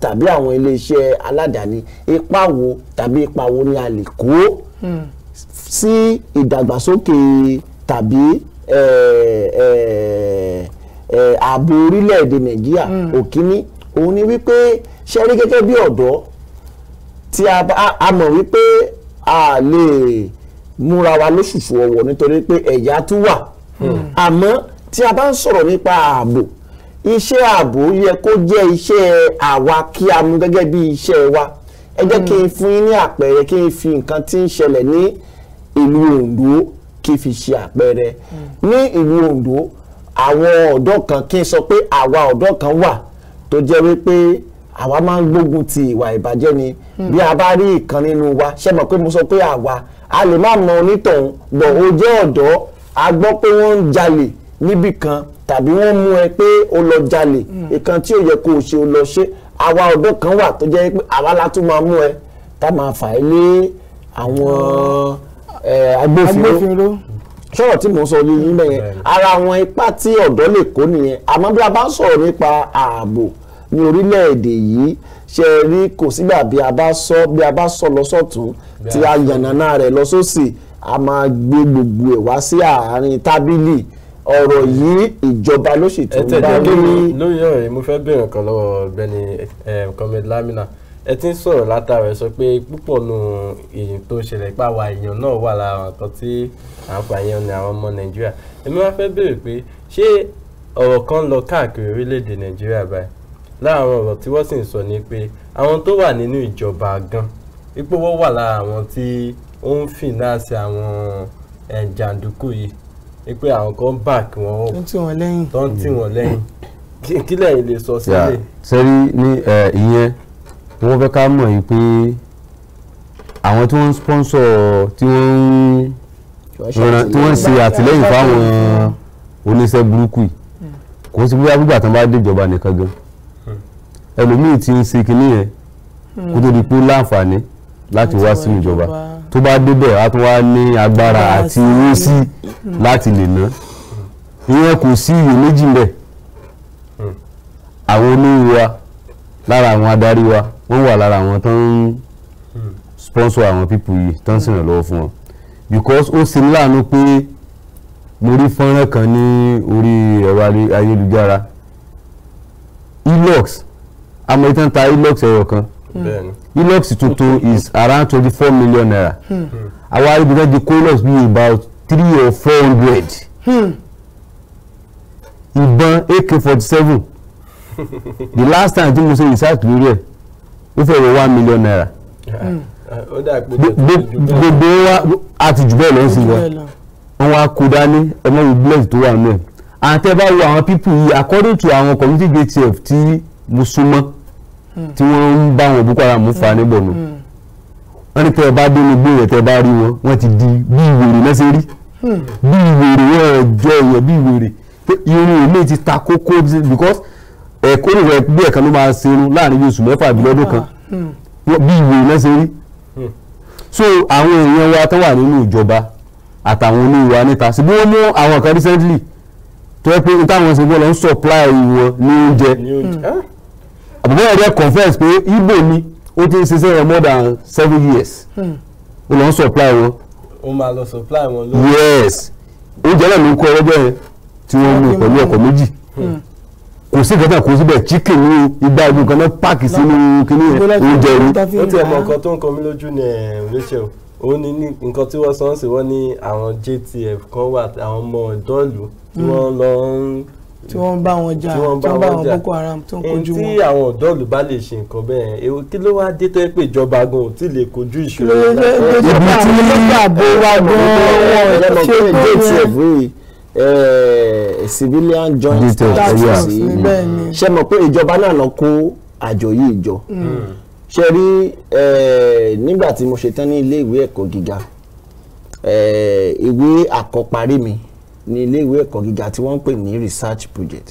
tàbí àwọn iléeṣẹ́ aládàáni ipa wo tàbí ipa wo ni a lè kó hmm. sí ìdàgbàsókè tàbí ààbò orílẹ̀-èdè nàìjíríà hmm. òkíní òun ni wípé ṣe rí gẹ́gẹ́ bí ọ̀dọ́ tí a mọ̀ wípé a lè múra wa lóṣùṣù ọwọ́ nítorí pé ẹ̀yà tún wà Hmm. Hmm. àmọ́ tí a bá ń sọ̀rọ̀ nípa ààbò iṣẹ́ ààbò yẹ kó jẹ́ iṣẹ́ àwa kí a mú gẹ́gẹ́ bí iṣẹ́ wa ẹ jẹ́ kí n hmm. fún yín ní àpẹẹrẹ kí n fi nǹkan tí ń ṣẹlẹ̀ ní ìlú Ondo kí n fi ṣe àpẹẹrẹ ní ìlú Ondo àwọn ọ̀dọ́ kan kí n sọ pé àwa ọ̀dọ́ kan wà tó jẹ́ wípé àwa máa ń gbógun ti ìwà ìbàjẹ́ ni bí a bá rí ìkan nínú wa ṣé mo sọ pé àwa a lè má mọ onítọ̀hún bọ̀ ó jẹ́ ọ̀dọ́ a gbọ́ pé wọ́n ń jalè níbì kan tàbí wọ́n mú ẹ pé o lọ jalè hmm. nǹkan tí ò yẹ kó o ṣe o lọ ṣe àwa ọ̀dọ́ kan wà tó jẹ́ pé àwa la tún máa mú ẹ tá máa fà ẹ́ lé àwọn agbófinró sọ̀rọ̀ tí mò sọ ní yín bẹ́yẹn ara àwọn ipá tí ọ̀dọ́ lè kó nìyẹn àmọ́ bí a bá ń sọ̀rọ̀ nípa ààbò ní orílẹ̀-èdè yìí ṣe rí kò sígbà bí a bá sọ bí a bá sọ lọ tí a yànnàná rẹ̀ lọ a máa gbé gbogbo ẹ̀ wá sí àárín tábìlì ọ̀rọ̀ yìí ìjọba ló sì tún bá ní. lórí ọ̀rọ̀ yìí mo fẹ́ béèrè nǹkan lọ́wọ́ ọ̀gbẹ́ni Comrade Lamina ẹ ti ń sọ̀rọ̀ látara ẹ sọ pé púpọ̀ nù èyí tó ṣẹlẹ̀ pa àwa èèyàn náà wà lára àwọn kan tí à ń pa èèyàn ní àwọn ọmọ Nàìjíríà èmi wá fẹ́ béèrè pé ṣé ọ̀rọ̀ kan lọ káàkiri orílẹ̀-èdè Nàìjíríà báyìí lára ọ̀rọ̀ tí wọ́n sì ń sọ ni pé àwọn tó wà nínú ìjọba gan ipò wọ́n wà lára àwọn tí ó ń fìnáàsì àwọn jàǹdùkú yìí wípé àwọn kan bá kí wọ́n ó tó ń tì wọ́n lẹ́yìn tó ń tì wọ́n lẹ́yìn kílẹ̀ ilé sọ sílẹ̀. sẹ́rí ní ìyẹn wọ́n fẹ́ ká mọ̀ yìí pé àwọn tí wọ́n ń sponsor tí wọ́n ń tí wọ́n ń ṣe àtìlẹ́yìn fáwọn oníṣẹ́ burúkú yìí kò sí bóyá gbígbà tán bá déjọba nìkan gan hmm. ẹlòmíì ti ń ṣe kinní yẹn kó tó di pé láǹfààní láti wá sínú ìjọba tó bá débẹ̀ á tún wá ní agbára àti owó sí láti lè ná ìyẹn kò sí iyèméjì mbẹ àwọn olówó wa lára àwọn adarí wa wọ́n wà lára àwọn tó ń sponsor àwọn people yìí tó ń ṣèrànlọ́wọ́ fún wọn because ó ṣe mí láàánú pé mo rí fọ́nrán kan ní orí ẹ̀rọ ayélujára elox amọ̀ ìtàn ta elox ẹ̀rọ kan Elox tuntun is around twenty four million naira hmm. Hmm. àwa ibùdó di Coelox be about three or four hundred hmm. ìbọn AK forty seven the last time I tí mo ṣe research lórí ẹ̀ ó fẹ́ wọ one million naira gbogbo wa àti jù bẹ́ẹ̀ lọ sí wa wọn wá kó dání ọmọ ìbílẹ̀ tó wà náà àtẹ bá wo àwọn people yìí according to àwọn community JTF tí mo súnmọ́ tí wọ́n ń bá wọn Boko Haram fa mm. níbọ̀ nù mm. wọ́n ní tẹ́ ẹ bá dé ní gbóyè tẹ́ ẹ bá rí wọn wọ́n ti di bí ìwèrè lẹ́sẹ̀ rí hmm. bí ìwèrè wọ́n jọ èèyàn bí ìwèrè irun ilé ti ta kókó because ẹ̀kọ́ rẹ̀ bí ẹ̀kan ló máa serun láàrin bí oṣù mẹ́fà àbí lọ́dún kan hmm. bí ìwèrè lẹ́sẹ̀ rí hmm. so àwọn èèyàn wa tó wà nínú ìjọba àtàwọn olówó wa níta sí bí wọ́n mú àwọn kan recently tó yẹ pé táwọn ṣe gbọ́dọ̀ ń supply wọn ní oúnjẹ ah àbúrò ẹ̀rẹ́ confess pé ibo ni ó ti ń ṣiṣẹ́ rẹ̀ more than seven years hmm. ó lọ ń supply wọn. ó máa lọ supply wọn lórí. yes oúnjẹ náà ló ń kọ́ ọlọ́jọ́ yẹn tí wọ́n mú pẹ̀lú ọkọ̀ méjì hmm. kò sí nǹkan kò síbẹ̀ chicken ní igba ibi nǹkan náà páàkì sínú kíní oúnjẹ rí. ó ti ẹ̀mọ̀ nǹkan tó ń kọ mí lójú ni Rachel ó ní nǹkan tí wọ́n sọ ń sè wọ́n ní àwọn JTF kan wà àwọn ọmọ ìdánlù tí hmm. wọ́n lọ ń tí wọ́n ń bá wọn jà tí wọ́n ń bá wọn Boko Haram tó ń kojú wọn. tí àwọn ọ̀dọ́ ìlú bá lè ṣe nǹkan bẹ́ẹ̀ èwo kí ló wá dé tó yẹ pé ìjọba gan ò tí ì lè kojú ìṣòro. ibi tí àbò wa gan wọn ṣe é gbé eh, civilian joint status mm, ṣe mọ̀ pé ìjọba náà lọ kó àjọ yìí jọ mm. ṣe rí eh, nígbà tí mo ṣetán ní ilé ìwé ẹ̀kọ́ gíga eh, ìwé àkọ́parí mi. Mm ní ilé ìwé ẹ̀kọ́ gíga tí wọ́n ń pè ní research project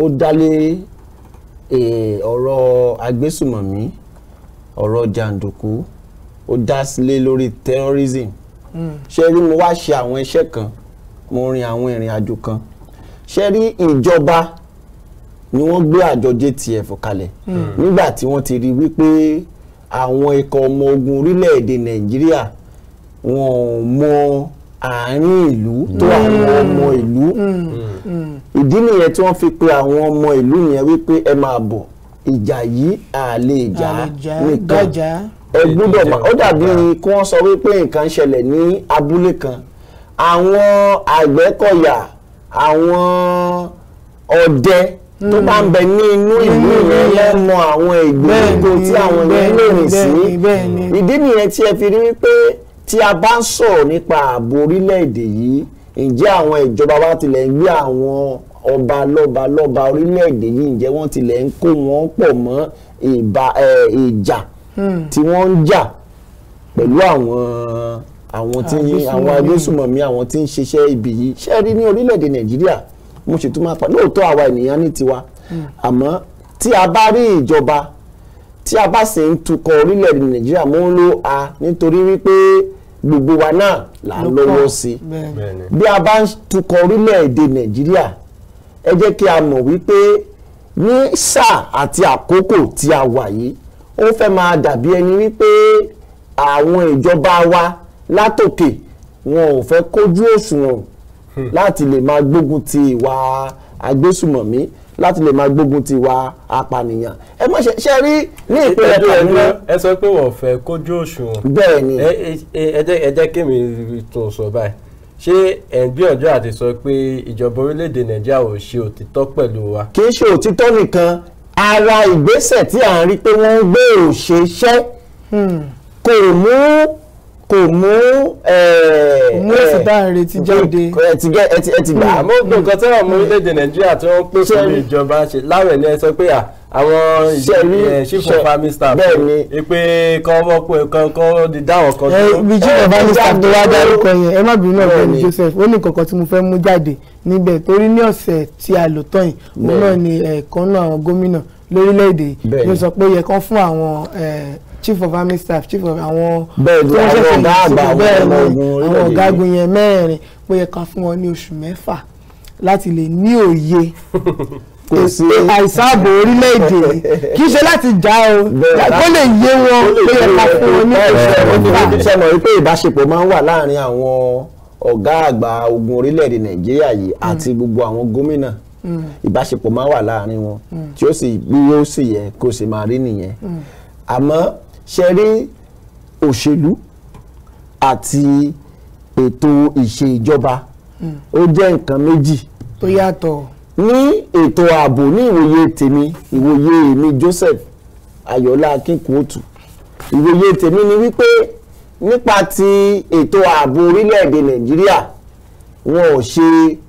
ó dálé e, ọ̀rọ̀ agbésùmọ̀mí ọ̀rọ̀ jàǹdùkú ó dá sílé lórí terrorism hmm. ṣe rí mo wá ṣe àwọn iṣẹ́ kan mo rin àwọn ìrìn àjò kan ṣe rí ìjọba ni wọ́n gbé àjọ JTF kalẹ̀ hmm. nígbà tí wọ́n ti rí wípé àwọn ikọ̀ ọmọ ogun orílẹ̀-èdè Nàìjíríà wọn ò mọ àárín ìlú tó mm. àwọn ọmọ ìlú mm. Mm. ìdí nìyẹn tí wọ́n fi pe àwọn ọmọ ìlú yẹn wípé ẹ máa bọ̀ ìjà yìí àlè ìjà nìkan ẹ gbọ́dọ̀ mà ó dàbí kí wọ́n sọ wípé nǹkan ṣẹlẹ̀ ní abúlé kan àwọn àgbẹ̀kọ̀yà àwọn ọdẹ tó bá ń bẹ ní inú ìlú yẹn lẹ́nu àwọn ìgbèríko tí àwọn yẹn lè rìn sí ìdí nìyẹn tí ẹ fi rí wípé tí a bá ń sọ̀rọ̀ nípa ààbò orílẹ̀-èdè yìí ǹjẹ́ àwọn ìjọba wa tilẹ̀ ń gbé àwọn ọba lọ́ba lọ́ba orílẹ̀-èdè yìí ǹjẹ́ wọ́n tilẹ̀ ń kó wọn pọ̀ mọ́ ìjà hmm. tí wọ́n ń jà pẹ̀lú àwọn àwọn tí àwọn agbésùmọ̀mí àwọn tí ń ṣiṣẹ́ ibi yìí ṣe rí ní orílẹ̀-èdè nàìjíríà mo ṣètò máa pa lóòótọ́ àwa ènìyàn ní tiwa hmm. àmọ́ tí a bá rí ìjọba tí a bá sì ń tukọ̀ orílẹ̀-èdè nàìjíríà mo ń lo a nítorí wípé gbogbo wa náà là ń lọ́wọ́ sí bí a bá ń tukọ̀ orílẹ̀-èdè nàìjíríà ẹ jẹ́ kí a mọ̀ wípé ní sáà àti àkókò tí a wà yìí ó fẹ́ máa dàbí ẹni wípé àwọn ìjọba wa látòkè wọn ò fẹ́ kójú òṣùwọ̀n hmm. láti lè máa gbógun ti ìwà agbésùmọ̀mí láti lè máa gbógun ti ìwà apànìyàn ẹ mọ̀ ṣe rí ní ìpínlẹ̀ Kaduna. ẹ sọ pé wọ́n fẹ́ kójú òṣùwọ̀n. bẹ́ẹ̀ ni. ẹ jẹ́ kí mi tún sọ báyìí ṣé ẹ̀ ń gbìyànjú àti sọ pé ìjọba orílẹ̀-èdè Nàìjíríà ò ṣe òtítọ́ pẹ̀lú wa. kì í ṣe òtítọ́ nìkan ara ìgbésẹ̀ tí à ń rí pé wọ́n ń gbé òṣèṣẹ́ hmm. kò mú kò mú mú èsì tá à ń jáde ẹ ti gbà. àmọ́ nǹkan tí wọ́n mú orílẹ̀-èdè nàìjíríà tí wọ́n pè fún ìjọba ṣe láwẹ̀ ni ẹ sọ pé àwọn chief of army pé kọ́ wọ́pọ̀ kan kọ́ di dáwọ̀ kan. ẹ bí chief tó wá dárúkọ yẹn ẹ má bínú ọ̀gbẹ́ni Joseph ó ní kankan tí mo fẹ́ mú jáde níbẹ̀ torí ní ọ̀sẹ̀ tí a lò tán yìí òun náà ni ẹ̀ẹ̀kan náà gómìnà lórílẹ̀‐èdè yìí ló sọ pé yẹ kán fún àwọn chief of army staff chief of àwọn bẹ́ẹ̀ni àwọn ọ̀gá àgbà àwọn ọ̀gágun yẹn mẹ́rin ó yẹ ká fún wọn ní oṣù mẹ́fà láti lè ní òye àìsáàbò orílẹ̀-èdè kì í ṣe láti já o kó lè yé wọn pé ẹ ká fún wọn ní oṣù mẹ́fà. ṣe mọ̀ wípé ìbáṣepọ̀ máa ń wà láàárín àwọn ọ̀gá àgbà ogun orílẹ̀-èdè nàìjíríà yìí àti mm. gbogbo àwọn gómìnà mm. ìbáṣepọ̀ máa wà láàárín wọn mm. tí ó sì bí yóò sì yẹ kó sì máa rí nìyẹn àmọ́ ṣeré òṣèlú àti ètò ìṣèjọba hmm. ó jẹ́ nǹkan méjì. tó yàtọ̀. ní ètò ààbò ní ìwòye tèmi ìwòye mi Joseph Ayọ̀lá Akínkùótù ìwòye tèmi ni wípé nípa ti ètò ààbò orílẹ̀-èdè Nàìjíríà wọn ò ṣe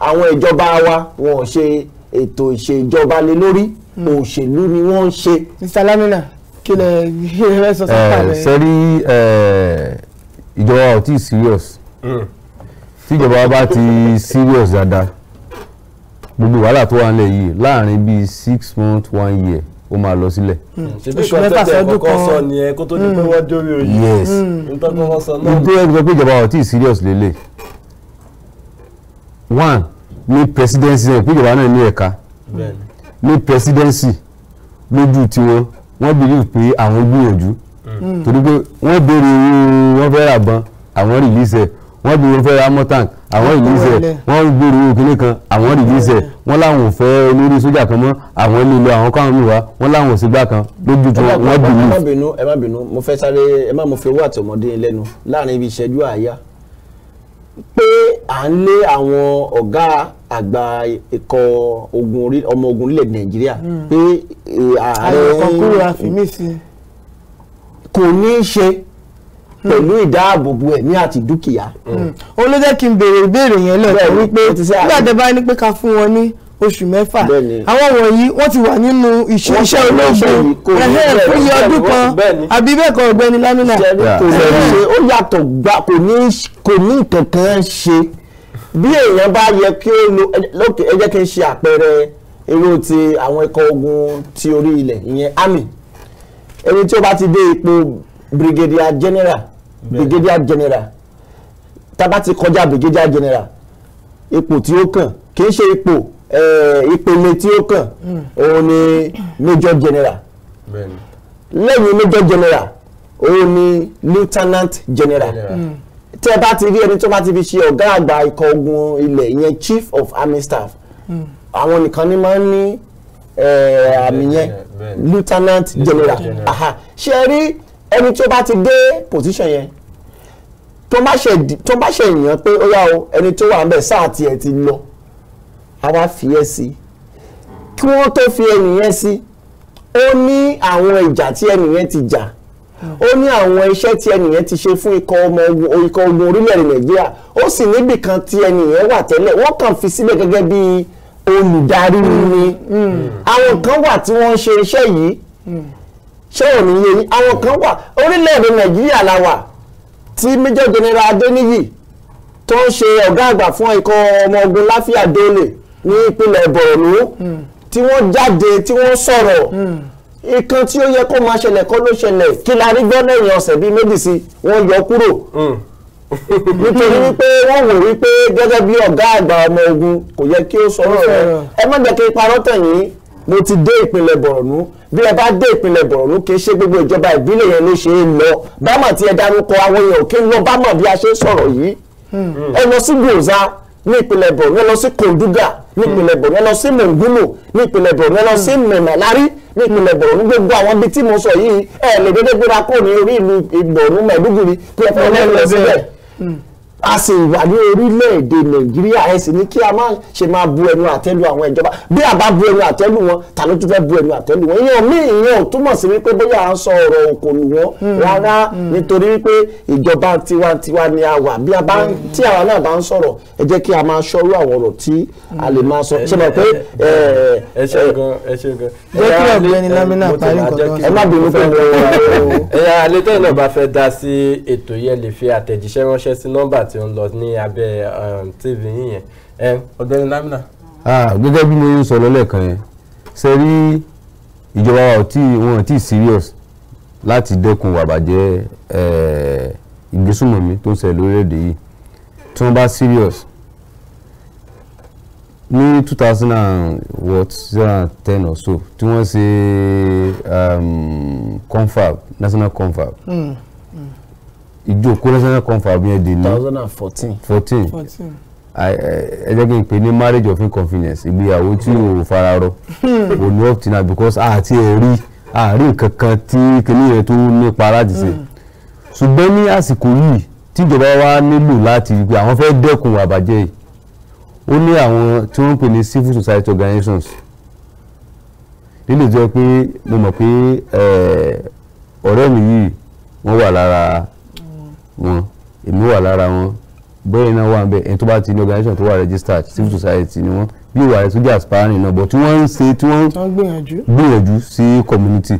àwọn ìjọba wa wọn ò ṣe ètò ìṣèjọba lé lórí hmm. òṣèlú ni wọ́n ń ṣe. Mr. Lamina kí lẹ kí lẹ fẹ́ sọ sápá rẹ. sẹ́rí ìjọba ò hmm. tí serious tíjọba bá ti serious dáadáa gbogbo wàhálà tó wà nílẹ̀ yìí láàrin bíi six months one year ó máa lọ sílẹ̀. Hmm. Hmm. oṣù mẹ́fà sọ́dún kan sọ nìyẹn kó tó di pé wọ́n dórí oyè. yes ntọ́kọ́kọ́ sọ náà. pé ìjọba ò tí serious lélẹ̀ one ní presidency ẹ̀ pé ìjọba náà ní ẹ̀ka ní presidency lójú tiwọn wọ́n believe pé àwọn gbìyànjú hmm. torí pé wọ́n béèrè owó wọ́n fẹ́ rà bán àwọn release ẹ̀ wọ́n bí wọ́n fẹ́ ra motank àwọn release ẹ̀ wọ́n gbèrò òkìní kan àwọn release ẹ̀ wọ́n láwọn ò fẹ́ olórí sójà kan mọ́ àwọn lílo àwọn káwọn mi wá wọ́n láwọn òsíngbà kan lójú tí wọ́n believe. ẹ má bínú ẹ má bínú mo fẹ́ sáré ẹ má mo fi owó àtọmọdé lẹ́nu láàrin ibi ìṣẹ́jú àáyá pé à ń lé àwọn ọ̀gá àgbà ikọ̀ ogun ọmọ ogun orílẹ̀-èdè nàìjíríà hmm. pé eh, ààrẹ kò ní í ṣe hmm. pẹ̀lú ìdáàbòbò ẹ̀mí àti dúkìá. Hmm. ó ló jẹ́ kí n béèrè ìbéèrè yẹn lẹ́ẹ̀kan wípé nígbà tẹ́ bá ní pé ká fún wọn ní oṣù mẹ́fà àwọn wọ̀nyí wọ́n ti wà nínú iṣẹ́ iṣẹ́ olóògùn ẹ̀hẹ́ fún iye ọdún kan àbí bẹ́ẹ̀ kọ́ ọ̀gbẹ́ni Lámínà. ó yàtọ̀ gba kò ní nǹkan kan ṣe bí èèyàn bá yẹ kí ó lo lókè ẹ jẹ́ kí n ṣe àpẹẹrẹ eré ti àwọn ikọ̀ ogun ti orí ilẹ̀ ìyẹn army ẹni tí ó bá ti dé ipò brigadier general brigadier general tá a bá ti kọjá brigadier general ipò tí ó kàn kì í ṣe ipò ìpele tí ó kàn òun ni major general lẹ́yìn major general òun ni lieutenant general hmm. tí ẹ bá ti rí ẹni tó bá ti fi ṣe ọ̀gá àgbà ikọ̀ ogun ilẹ̀ ìyẹn chief of army staff hmm. àwọn nìkan ni máa ń ní àmì yẹn lieutenant general ṣe rí ẹni tó bá ti dé position yẹn tó bá ṣe yàn pé ó yá o ẹni tó wà ń bẹ̀ sáà tiẹ̀ ti lọ a wá fi ẹ́ sí kí wọ́n tó fi ẹnìyẹn sí ó ní àwọn ìjà tí ẹnìyẹn ti jà ó ní àwọn iṣẹ́ tí ẹnìyẹn ti ṣe fún ikọ̀ ọmọ ikọ̀ ogun orílẹ̀-èdè nàìjíríà ó sì níbì kan tí ẹnìyẹn wà tẹ́lẹ̀ wọ́n kàn fi sílẹ̀ gẹ́gẹ́ bí olùdarí ni mm. Mm. àwọn kan wà tí wọ́n ń ṣe iṣẹ́ yìí mm. ṣé ò ní yé yín àwọn kan wà orílẹ̀-èdè nàìjíríà la wà tí major general adéníyì tó ń ṣe ọ̀gá àgbà fún ikọ̀ ọmọ ogun láfíà délé ní ìpínlẹ̀ Borno tí wọ́n jáde tí wọ́n sọ̀rọ̀ nǹkan tí ó yẹ kó máa ṣẹlẹ̀ kọ́ ló ṣẹlẹ̀ kí la rí gbọ́ lẹ́yìn ọ̀sẹ̀ bíi méjì sí wọ́n yọ kúrò nítorí wípé wọ́n wò wípé gẹ́gẹ́ bí ọ̀gá àgbà ọmọ ogun kò yẹ kí ó sọ̀rọ̀ rẹ̀ ẹ má jẹ́ kí parọ́ tẹ̀yìn mo ti dé ìpínlẹ̀ Borno bí ẹ bá dé ìpínlẹ̀ Borno kì í ṣe gbogbo ìjọba ìbílẹ̀ yẹn ló ṣe é lọ bámà tí ẹ dárúkọ àwọn èèyàn ò kí ń lọ bámà bí a ṣe ń sọ̀rọ̀ yìí hmm. ẹ lọ sí Gboza ní ìpínlẹ̀ Borno ẹ lọ sí Konduga ní ìpínlẹ̀ Borno lọ sí Monguno ní ìpínlẹ̀ Borno lọ sí Menalari ní ìpínlẹ̀ Borno ní gbogbo àwọn ibi tí mo sọ yìí ẹ lè dédé gbéra kó ní orí ìlú Borno Maiduguri kí ẹ fẹ́ lẹ́nu ẹ síbẹ̀ a sì wà ní orílẹ̀-èdè nàìjíríà ẹ sì ní kí a má ṣe máa bu ẹnu àtẹ́lu àwọn ìjọba bí a bá bu ẹnu àtẹ́lu wọn ta ló tún fẹ́ bu ẹnu àtẹ́lu wọn ìyẹn míì ìyẹn ò túmọ̀ sí wípé bóyá à ń sọ ọ̀rọ̀ òkòlù wọn hmm. rárá hmm. nítorí wípé ìjọba tiwantiwa ni a wà bí a bá hmm. tí àwa náà bá ń sọ̀rọ̀ ẹ jẹ́ kí a máa ṣọ́rú àwọn ọ̀rọ̀ tí a lè máa sọ ṣe mọ̀ pé ẹ ẹ ṣe gan ẹ ṣe gan jẹ́ kí ọ̀gbẹ́ni lámínà parí nǹkan ẹ má bínú pé mo wà ó. ẹ̀yà alẹ́ tẹ́lẹ̀ náà bá fẹ́ dá sí ètò yẹn lè fi àtẹ̀jíṣẹ́ ránṣẹ́ sí nọ́mbà t tí ó ń lọ ní abẹ́ um, tv yín yẹn ẹ ọ̀gbẹ́ni Lamina. gẹ́gẹ́ bí mo sọ lọ́lẹ́kan yẹn ṣe rí ìjọba wa wọn ò serious láti dẹ́kun wàbàjẹ́ ìgbésùnmọ̀mí tó ń ṣẹlẹ̀ lórílẹ̀ yìí tí wọ́n bá serious ní two thousand and what zero and ten or so tí wọ́n ṣe um, confab national confab. Mm. Mm ìjókòó national conference àbí ẹ̀dẹ̀ two thousand and fourteen. fourteen ẹ jẹ́ kí n pè ní marriage of inconvenience ìgbéyàwó tí hmm. o fara rọ o hmm. ní up to now because àti ẹ̀rí àárín nǹkan kan tí kinní yẹn tó nípa láti ṣe hmm. ṣùgbọ́n ní àsìkò yìí tíjọba wa nílò láti rí pé àwọn fẹ́ dẹ́kun àbàjẹ́ yìí ó ní àwọn tí wọ́n ń pè ní civil society organizations nílò jẹ́ pé mo mọ̀ pé ọ̀rẹ́ mi yìí wọ́n wà lára wọn èmi wà lára wọn bóyá iná wà bẹ́ẹ̀ ẹni tó bá ti ní organisation tó wà registered civil society ni wọ́n bí ìwà rẹ̀ sójà aspiring náà bọ̀ tí wọ́n ń ṣe tí wọ́n gbìyànjú sí community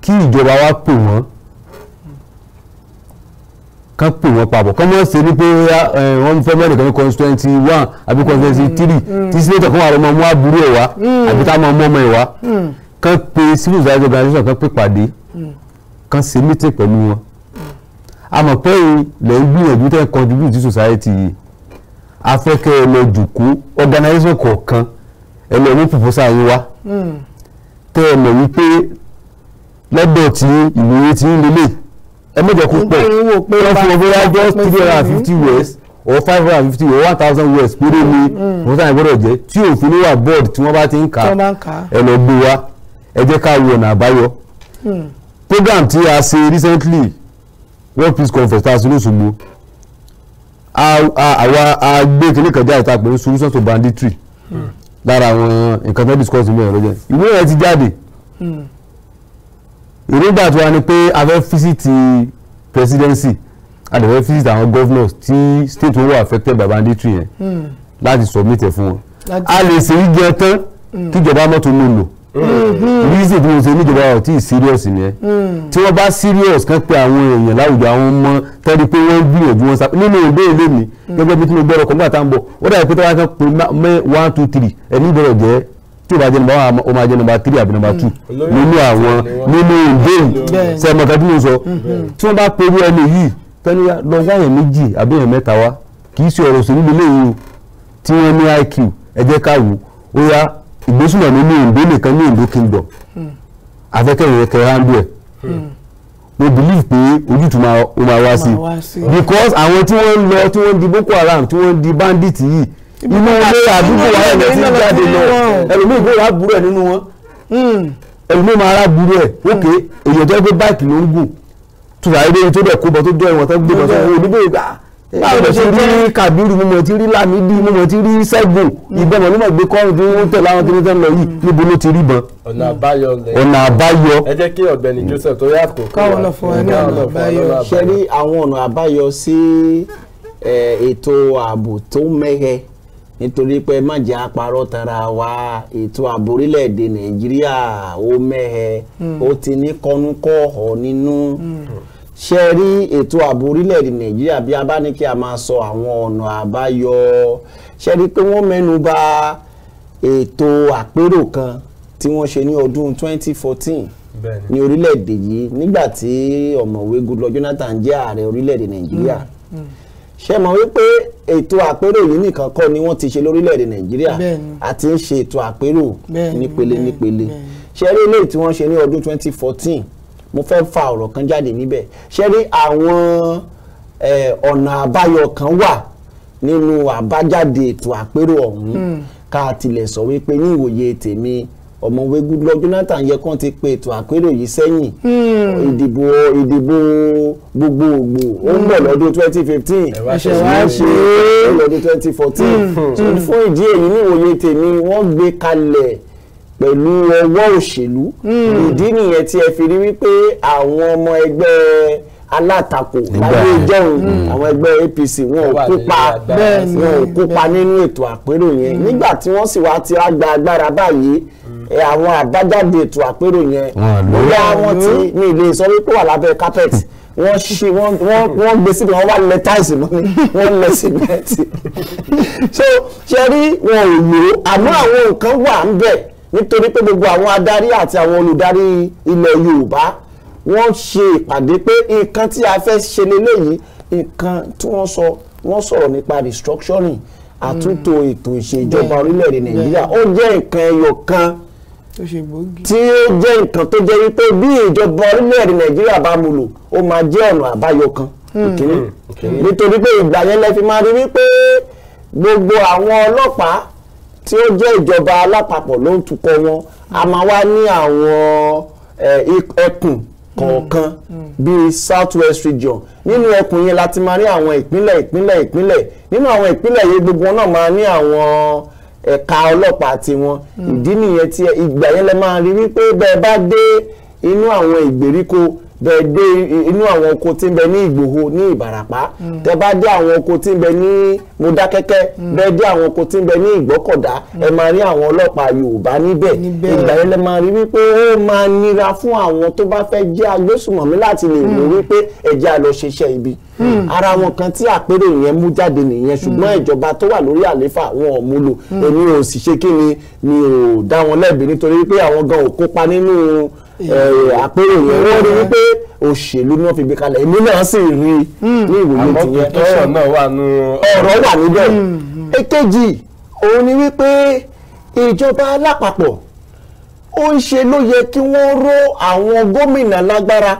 kí ìjọba wa pè wọ́n kán pè wọ́n papọ̀ kán mọ̀ ṣe ni pé wọ́n fẹ́ mẹ́rin kan ní constituency one àbí mm, constituency mm, three mm. tí sílẹ̀tọ̀ kan wà lọ́mọ mú àbúrò ẹ̀ wá àbí tá a máa mú ọmọ ẹ̀ wá kán pe civil society organisation kán pè pàdé kán ṣe meeting pẹ̀lú wọn a mọ̀ pé ilẹ̀ ń gbìyànjú tẹ́ contribute to society yìí afẹ́kẹ́ ẹ lọ jùkú organisation kọ̀ọ̀kan ẹ lọ ní proposal yín wá hmm. tẹ́ ẹ mọ̀ wípé lọ́dọ̀ tí ìwòye ti ń lélẹ̀ ẹ mẹ́jọ kó pọ̀ wọ́n fún ọgbẹ́ yájọ́ three hundred and fifty us or five hundred and fifty or one thousand us péré ni proposal hmm. yẹn gbọ́dọ̀ jẹ́ tí òfin ló wà board tí wọ́n bá ti ń kà ẹ lọ gbé wa ẹ jẹ́ ká wo ọ̀nà àbáyọ hmm. program tí a ṣe recently world peace conference tá a ṣe lóṣogbo àwa agbé kìnní kan jáde tá a pè ní solution to banditry hmm. lára àwọn nǹkan tó discuss ní ẹ̀rọ jẹ́ ìwé rẹ̀ ti jáde hmm. èròǹgbà tí wà ní pé a fẹ́ fisiti presidency a lè fẹ́ fisiti àwọn governors tí state wọn wà affected by banditry yẹn hmm. láti submit ẹ̀ fún wọn a lè ṣèyí jẹ tán kíjọba mọ́tò lò lò. Mm-hmm. reason tí mo ṣe níjọba ọ̀ tí serious nìyẹn mm. tí wọ́n bá serious kan pé àwọn èèyàn láwùjọ àwọn ọmọ tẹ́lẹ̀ pé wọ́n gbìyànjú wọn sápẹ́ nínú ìdó ìlé mi mm. gẹ́gẹ́ bí tí mo gbọ́dọ̀ kọ́ńgbà tá à ń bọ̀ ó dàbí pé tọ́wọ́ kan pé one two three ẹni gbọ́dọ̀ jẹ́ tí o bá jẹ́ nọ́mbà one o máa jẹ́ nọ́mbà three àbí nọ́mbà two mm. nínú àwọn nínú ìdó sẹ́mọ̀ kan tí mo sọ mm-hmm. tí wọ́n bá pe irú ẹni yìí tẹ́lẹ̀ lọ wáyàn méjì àbí èèyàn mẹ́ta wá kì í ṣe ọ̀rọ̀ òṣèlú lélẹ́yìn o tí wọ́n ní IQ ẹ jẹ́ ká wò ó yá ìgbésùnà mi ní Ondo nìkan ní Ondo kingdom hmm. afẹ́kẹ̀yẹ kẹráńdù ẹ̀ hmm. mo believe pé ojútùú máa wá sí because àwọn tí wọ́n ń lọ tí wọ́n ń di Boko Haram tí wọ́n ń di bandit yìí inú ilé àdúgbò wa ẹ̀rọ ti ń jáde lọ ẹlòmíì kò rà burú ẹ̀ nínú wọn hmm. ẹlòmíì máa rà burú ẹ̀ ok èyàn tó ń gbé báìkì ló ń gùn tùràrí lórí tó dẹ̀ kó bọ́ tó dọ̀ ẹ̀wọ̀n tó ń gbé bọ́ tó ń gbé onígbò báwo ṣe rí Kàbírù mo mọ̀ ti rí Lámídì mo mọ̀ ti rí Ṣẹ́gun hmm. ìbọn ló mọ̀ gbé kọ́rùn tí wọ́n tẹ̀ láwọn kiri tẹ́ ń yìí hmm. níbo ló ti rí ọ̀nà àbáyọ ọ̀nà àbáyọ. ẹ jẹ́ kí ọ̀gbẹ́ni hmm. Joseph tó lọ fún ọ̀nà àbáyọ. ṣe rí àwọn ọ̀nà àbáyọ sí ètò ààbò tó mẹ́hẹ nítorí pé àparọ́ tara wa ètò ààbò orílẹ̀-èdè Nàìjíríà ó ṣe rí ètò ààbò orílẹ̀-èdè nàìjíríà bí a bá ní kí a máa sọ àwọn ọ̀nà àbáyọ ṣe rí pé wọ́n mẹ́nu bà ètò àpérò kan tí wọ́n ṣe ní ọdún 2014 ní orílẹ̀-èdè yìí nígbà tí ọ̀mọ̀wé Goodluck Jonathan jẹ́ ààrẹ orílẹ̀-èdè nàìjíríà mm, mm. ṣe mọ̀ wípé ètò àpérò yìí nìkan kọ́ ni wọ́n ti ṣe lórílẹ̀-èdè nàìjíríà àti ń ṣe ètò àpérò nípele nípele ṣe rí eléyìí tí wọ́n ṣe ní ọdún 2014 mo fẹ́ fa ọ̀rọ̀ kan jáde níbẹ̀ ṣé rí àwọn ọ̀nà àbáyọ kan wà nínú àbájáde ètò àpérò ọ̀hún hmm. ká tilẹ̀ sọ wípé ní ìwòye tèmi ọ̀mọ̀wé Goodluck Jonathan yẹ kán ti pe ètò àpérò yìí sẹ́yìn hmm. ìdìbò ìdìbò gbogbogbò ó ń bọ̀ lọ́dún twenty fifteen ìṣẹ̀wá ṣe é lọ́dún twenty fourteen hmm. fún ìdí èyí ní ìwòye tèmi wọ́n gbé kalẹ̀ pẹ̀lú ọwọ́ òṣèlú hmm. ìdí nìyẹn tí ẹ fi rí wípé àwọn ọmọ ẹgbẹ́ alátakò láyé ìjọhún hmm. àwọn ẹgbẹ́ APC wọn ò kópa wọn ò kópa nínú ètò àpérò yẹn hmm. nígbà tí wọ́n sì wá ti gba agbára báyìí eh, àwọn àbájáde ètò àpérò yẹn lórí àwọn tí mi lè sọ wípé wà lábẹ́ carpet wọ́n ṣe wọ́n gbé síbi wọ́n wá lẹ táìsì mọ́ ni wọ́n lẹ símẹ́ǹtì so ṣe rí wọn ò lò àmọ́ àwọn nǹkan wà ń bẹ̀ nítorí pé gbogbo àwọn adarí àti àwọn olùdarí ilẹ̀ Yorùbá wọ́n ṣe ìpàdé pé nǹkan tí a fẹ́ ṣe lélẹ́yìí nǹkan tí wọ́n sọ wọ́n sọ̀rọ̀ nípa restructuring àtúntò hmm. ètò ìṣèjọba orílẹ̀-èdè Nàìjíríà ó jẹ́ nǹkan ẹyọ kan tí ó jẹ́ nǹkan tó jẹ́ wípé bí ìjọba orílẹ̀-èdè Nàìjíríà bá mu lò ó máa jẹ́ ọ̀nà àbáyọ kan hmm. Hmm. nítorí pé ìgbà yẹn lẹ fi máa rí wípé gbogbo àwọn ọlọ́pàá tí ó jẹ́ ìjọba alápapọ̀ ló ń tukọ̀ wọn a máa wá ní àwọn eh, e-, ẹkùn kọ̀ọ̀kan mm. bíi south west region nínú ẹkùn yẹn láti máa ní àwọn ìpínlẹ̀ ìpínlẹ̀ ìpínlẹ̀ nínú àwọn ìpínlẹ̀ yẹn gbogbo wọn náà máa ní àwọn ẹ̀ka ọlọ́pàá tiwọn mm. ìdí nìyẹn tí ìgbà yẹn lẹ máa rí wípé bẹ́ẹ̀ bá dé inú àwọn ìgbèríko bẹ́ẹ̀ dé inú àwọn oko tí ń bẹ ní ìgbòho ní ìbàràpá hmm. tẹ́ bá dé àwọn oko tí ń bẹ ní mọdákẹ́kẹ́ hmm. bẹ́ẹ̀ dé àwọn oko tí ń bẹ ní ìgbọ́kọ̀dá ẹ hmm. máa rí àwọn ọlọ́pàá yorùbá níbẹ̀ ìgbà yẹn lẹ máa rí wípé ó máa nira fún àwọn tó bá fẹ́ jẹ́ agbésùmọ̀mí láti lè mú wípé ẹ̀jẹ̀ àlọ́ ṣiṣẹ́ ibi ara wọn kan tí àpérò yẹn mú jáde nìyẹn ṣùgbọ́n ìjọba tó wà lórí àléfà wọn ò èmi ò sì ṣe kí ni mi ò dá wọn lẹ́bi nítorí pé àwọn gan ò kópa nínú Eh, àpérò yẹn wọ́n rí wípé òṣèlú ni wọ́n fi gbé kalẹ̀ èmi náà sì rí ní hmm. ìwòye tìyẹn ọ̀rọ̀ wà níbẹ̀ hmm. èkejì òun ni wípé ìjọba alápapọ̀ ó ń ṣe ló yẹ kí wọ́n ró àwọn gómìnà lágbára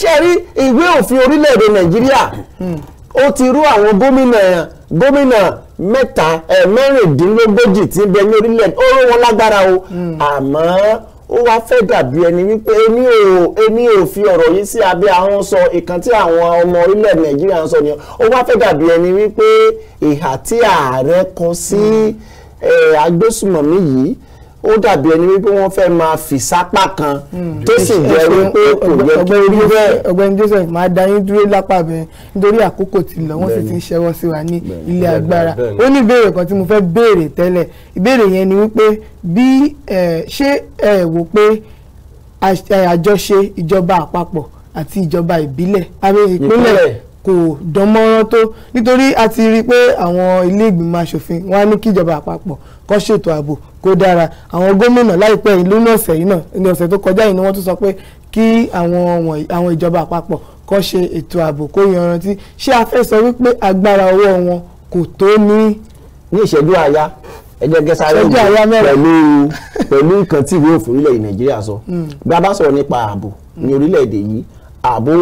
ṣe rí ìwé òfin orílẹ̀-èdè nàìjíríà hmm. ó ti rú àwọn gómìnà gómìnà mẹ́ta mẹ́rìndínlógójì tí ń bẹ ní orílẹ̀-èdè ó ró wọn lágbára o àmọ́ ó wá fẹ́ dàbí ẹni wípé èmi ò èmi ò fi ọ̀rọ̀ yìí sí abẹ́ ahọ́n sọ ìkan tí àwọn ọmọ orílẹ̀ nàìjíríà ń sọ ni ó wá fẹ́ dàbí ẹni wípé ìhà tí ààrẹ kọ sí hmm. eh, agbésùmọ̀mí yìí ó dàbí ẹni wípé wọ́n fẹ́ máa fi sápá kan hmm. tó sì jẹ́ wípé kò yẹ kí ó bẹ́ẹ̀. ọ̀gbẹ́ni Joseph máa da yín dúró lápá bẹ́ẹ̀ nítorí àkókò ti lọ wọ́n sì ti ń ṣẹwọ́ sí wa ní ilé agbára ó ní ìbéèrè kan tí mo fẹ́ béèrè tẹ́lẹ̀ ìbéèrè yẹn ni wípé bí ṣé ẹ wò pé àjọṣe ìjọba àpapọ̀ àti ìjọba ìbílẹ̀ àbí ìpínlẹ̀ kò dánmọ́rán tó nítorí a ti rí i pé àwọn ilé ìgbìmọ̀ asòfin wọn á ní kíjọba àpapọ̀ kó ṣètò ààbò kó dára àwọn gómìnà láìpẹ́ yìí lónìí ọ̀sẹ̀ yìí náà ní ọ̀sẹ̀ tó kọjá yìí ni wọ́n tún sọ pé kí àwọn ìjọba àpapọ̀ kó ṣe ètò ààbò kó yanrantí ṣé a fẹ́ sọ wípé agbára ọwọ́ wọn kò tó ní. ní ìṣẹ́jú àyá ẹjẹ́ gẹ́sàrẹ́ ìlú pẹ̀lú pẹ̀lú nǹkan tí ìwé òfin orílẹ̀-èdè nàìjíríà sọ hmm. bí a bá sọ̀rọ̀ nípa ààbò ní hmm. orílẹ̀-èdè yìí ààbò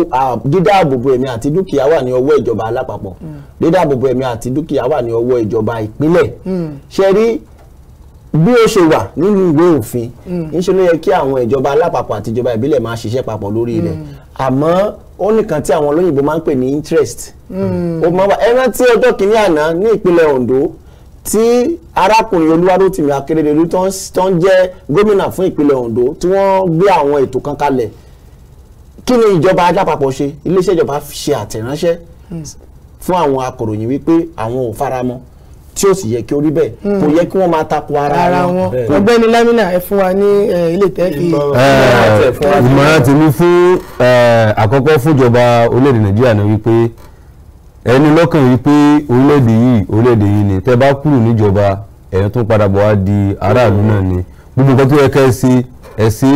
dídáàbòbò ẹ̀mí àti dúkìá wà ní ọwọ́ ìjọba alápapọ̀ hmm. dídáàbòbò ẹ̀mí àti dúkìá wà ní ọwọ́ ìjọba ìpínlẹ̀ ṣe rí bí ó ṣe wà nínú ìwé òfin níṣẹ́ mm. ló yẹ kí àwọn ìjọba alápapọ̀ àti ìjọba ìbílẹ̀ máa ṣiṣẹ́ papọ̀ lórí rẹ̀ mm. àmọ́ ó nìkan tí àwọn olóyìnbó máa ń pè ní interest mm. ó máa wà ẹ rántí ọjọ́ kìíní àná ní ìpínlẹ̀ Ondo tí arákùnrin Olúwarótìmí Akérédolú tó ń jẹ́ gómìnà fún ìpínlẹ̀ Ondo tí wọ́n gbé àwọn ètò kan kalẹ̀ kí ni ìjọba alápapọ̀ ṣe iléeṣẹ́ ìjọba ṣe àtẹ̀ránṣẹ́ fún àwọn akọ̀ròyìn wípé àwọn ò faramọ́ tí ó sì yẹ kí ó rí bẹ́ẹ̀ kò yẹ kí wọ́n máa tako ara wọn. ọ̀gbẹ́ni Lamina ẹ fún wa ní ilé tẹ́ẹ̀kì. ìmọ̀ràn tèmi fún àkọ́kọ́ fúnjọba orílẹ̀-èdè Nàìjíríà ni wípé ẹni lọ́kàn wípé orílẹ̀-èdè yìí orílẹ̀-èdè yìí ni tẹ́ bá kúrò níjọba ẹ̀yin tún padà bọ̀ wá di aráàlú náà ni gbogbo nǹkan tó yẹ ká ẹ ṣe ẹ ṣe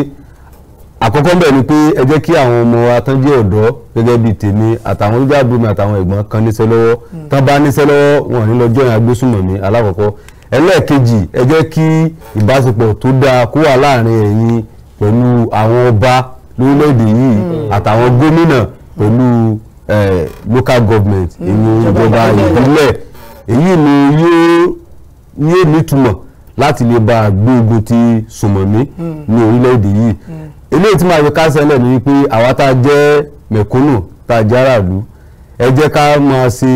àkọ́kọ́ bẹ́ẹ̀ ni pé ẹ jẹ́ kí àwọn ọmọ wa tán jẹ́ ọ̀dọ́ gẹ́gẹ́ bíi tèmi àtàwọn oníjàbù mi àtàwọn ẹ̀gbọ́n kan níṣẹ́ lọ́wọ́ hmm. tán bá níṣẹ́ lọ́wọ́ wọn ní lọ́jọ́ yẹn agbésùnmọ̀mí alákọ̀ọ́kọ́ ẹlẹ́ẹ̀kejì ẹ jẹ́ kí ìbáṣepọ̀ tó dáa kó wà láàrin ẹ̀yin pẹ̀lú àwọn ọba lórílẹ̀‐èdè yìí hmm. àtàwọn gómìnà pẹ̀lú local government hmm. ìyẹn ìjọba ìbílẹ̀ èyí ni yóò nítumọ̀ láti lè bá gbógun eléyìí tí màá fi kásẹ̀ lẹ̀ ni wípé àwa tá a jẹ́ mẹ̀kúnnù tá a jẹ́ aráàlú ẹ jẹ́ ká máa ṣe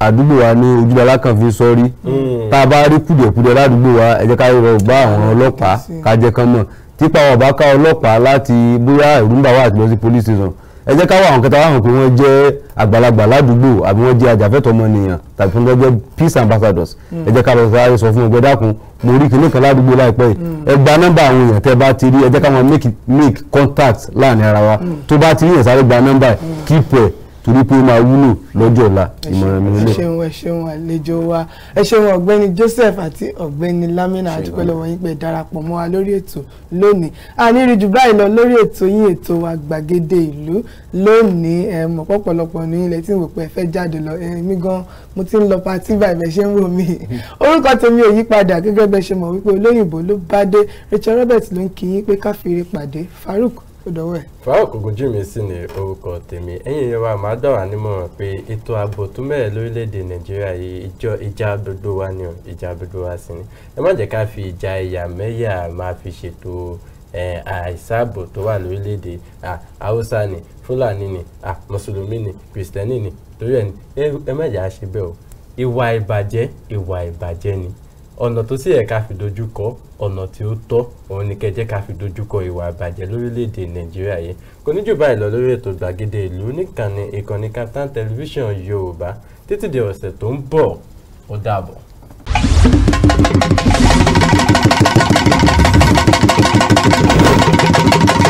àdúgbò wa ní ojúlọ alákànfin sọ́rí hmm. tá a bá rí kùdìẹ̀kudẹ ládùúgbò wa ẹ jẹ́ ká rọ bá àwọn ọlọ́pàá ká jẹ́ kán mọ̀ típa ọ̀bá ká ọlọ́pàá láti bóyá ìrúmbà wà àti lọ sí police station ẹ jẹ́ ká wá àwọn kẹta wáhùn pé wọ́n jẹ́ àgbàlagbà ládùúgbò àbí wọ́n jẹ́ ajàfẹ́tọ̀ ọmọnìyàn tàbí fún jẹ́ peace ambassadors ẹ jẹ́ ká lọ sọ ayé sọ fún ọgbẹ́ dákun mo rí kinní kan ládùúgbò láìpẹ́ yìí ẹ gba nọ́mbà àwọn èèyàn tẹ́ bá ti rí ẹ jẹ́ ká wọn make contact láàrin ara wa tó bá ti rí yẹn sáré gba nọ́mbà keep it torí pé ó máa wúlò lọ́jọ́ ọ̀la ìmọ̀ràn mi lélẹ̀. ẹ ṣeun ẹ ṣeun àlejò wa ẹ ṣeun ọ̀gbẹ́ni Joseph àti ọ̀gbẹ́ni Lamina àdúpẹ́ lọ́wọ́ yín pé darapọ̀ mọ́ wa lórí ètò lónìí àníri jù báyìí lọ lórí ètò yín ètò wa gbàgede ìlú lónìí ẹ mọ̀ pọ̀pọ̀lọpọ̀ ní ilẹ̀ tí mo pẹ́ fẹ́ jáde lọ èmi gan mo ti ń lọ patí báyìí bẹ́ẹ̀ ṣe ń wò mí orúkọ tèmi ò yí padà gẹ́gẹ́ bẹ́ẹ̀ ṣe mọ̀ wípé olóyìnbó ló bá dé Rachel Roberts ló ń kí yín pé káfíìrì pàdé Farouk ó dọwọ́ ẹ̀. Farouk Ogunjimi ni orúkọ tèmi ẹ̀yin èèyàn wa màá dá wa nímọ̀ràn pé ètò ààbò tó mẹ́rẹ̀ lórílẹ̀‐èdè nàìjíríà yìí ìjọ ìjà gbogbo wa ni ìjà gbogbo wa sì ni ẹ má jẹ́ ká fi ìjà ẹ̀yà mẹ́yà máa fi ṣètò àìsààbò tó wà lórílẹ̀‐èdè haúsá ni fúlàní ni mùsùlùmí ni kìrìsìtẹ́nì ni torí ẹ̀ ẹ má jẹ́ àṣebẹ́ o ìwà ìbàjẹ́ ìwà ìbàjẹ́ ni ọ̀nà tó sì yẹ ká fi dojúkọ ọ̀nà tí ó tọ́ òun ni kẹjẹ́ ká fi dojúkọ ìwà àbàjẹ́ lórílẹ̀‐èdè nàìjíríà yìí kò ní jù báyìí lọ lórí ètò gbàgede ìlú níkànnì ìkànnì Kaftan television yorùbá títí di ọ̀sẹ̀ tó ń bọ̀ ó dàbọ̀. Thank you.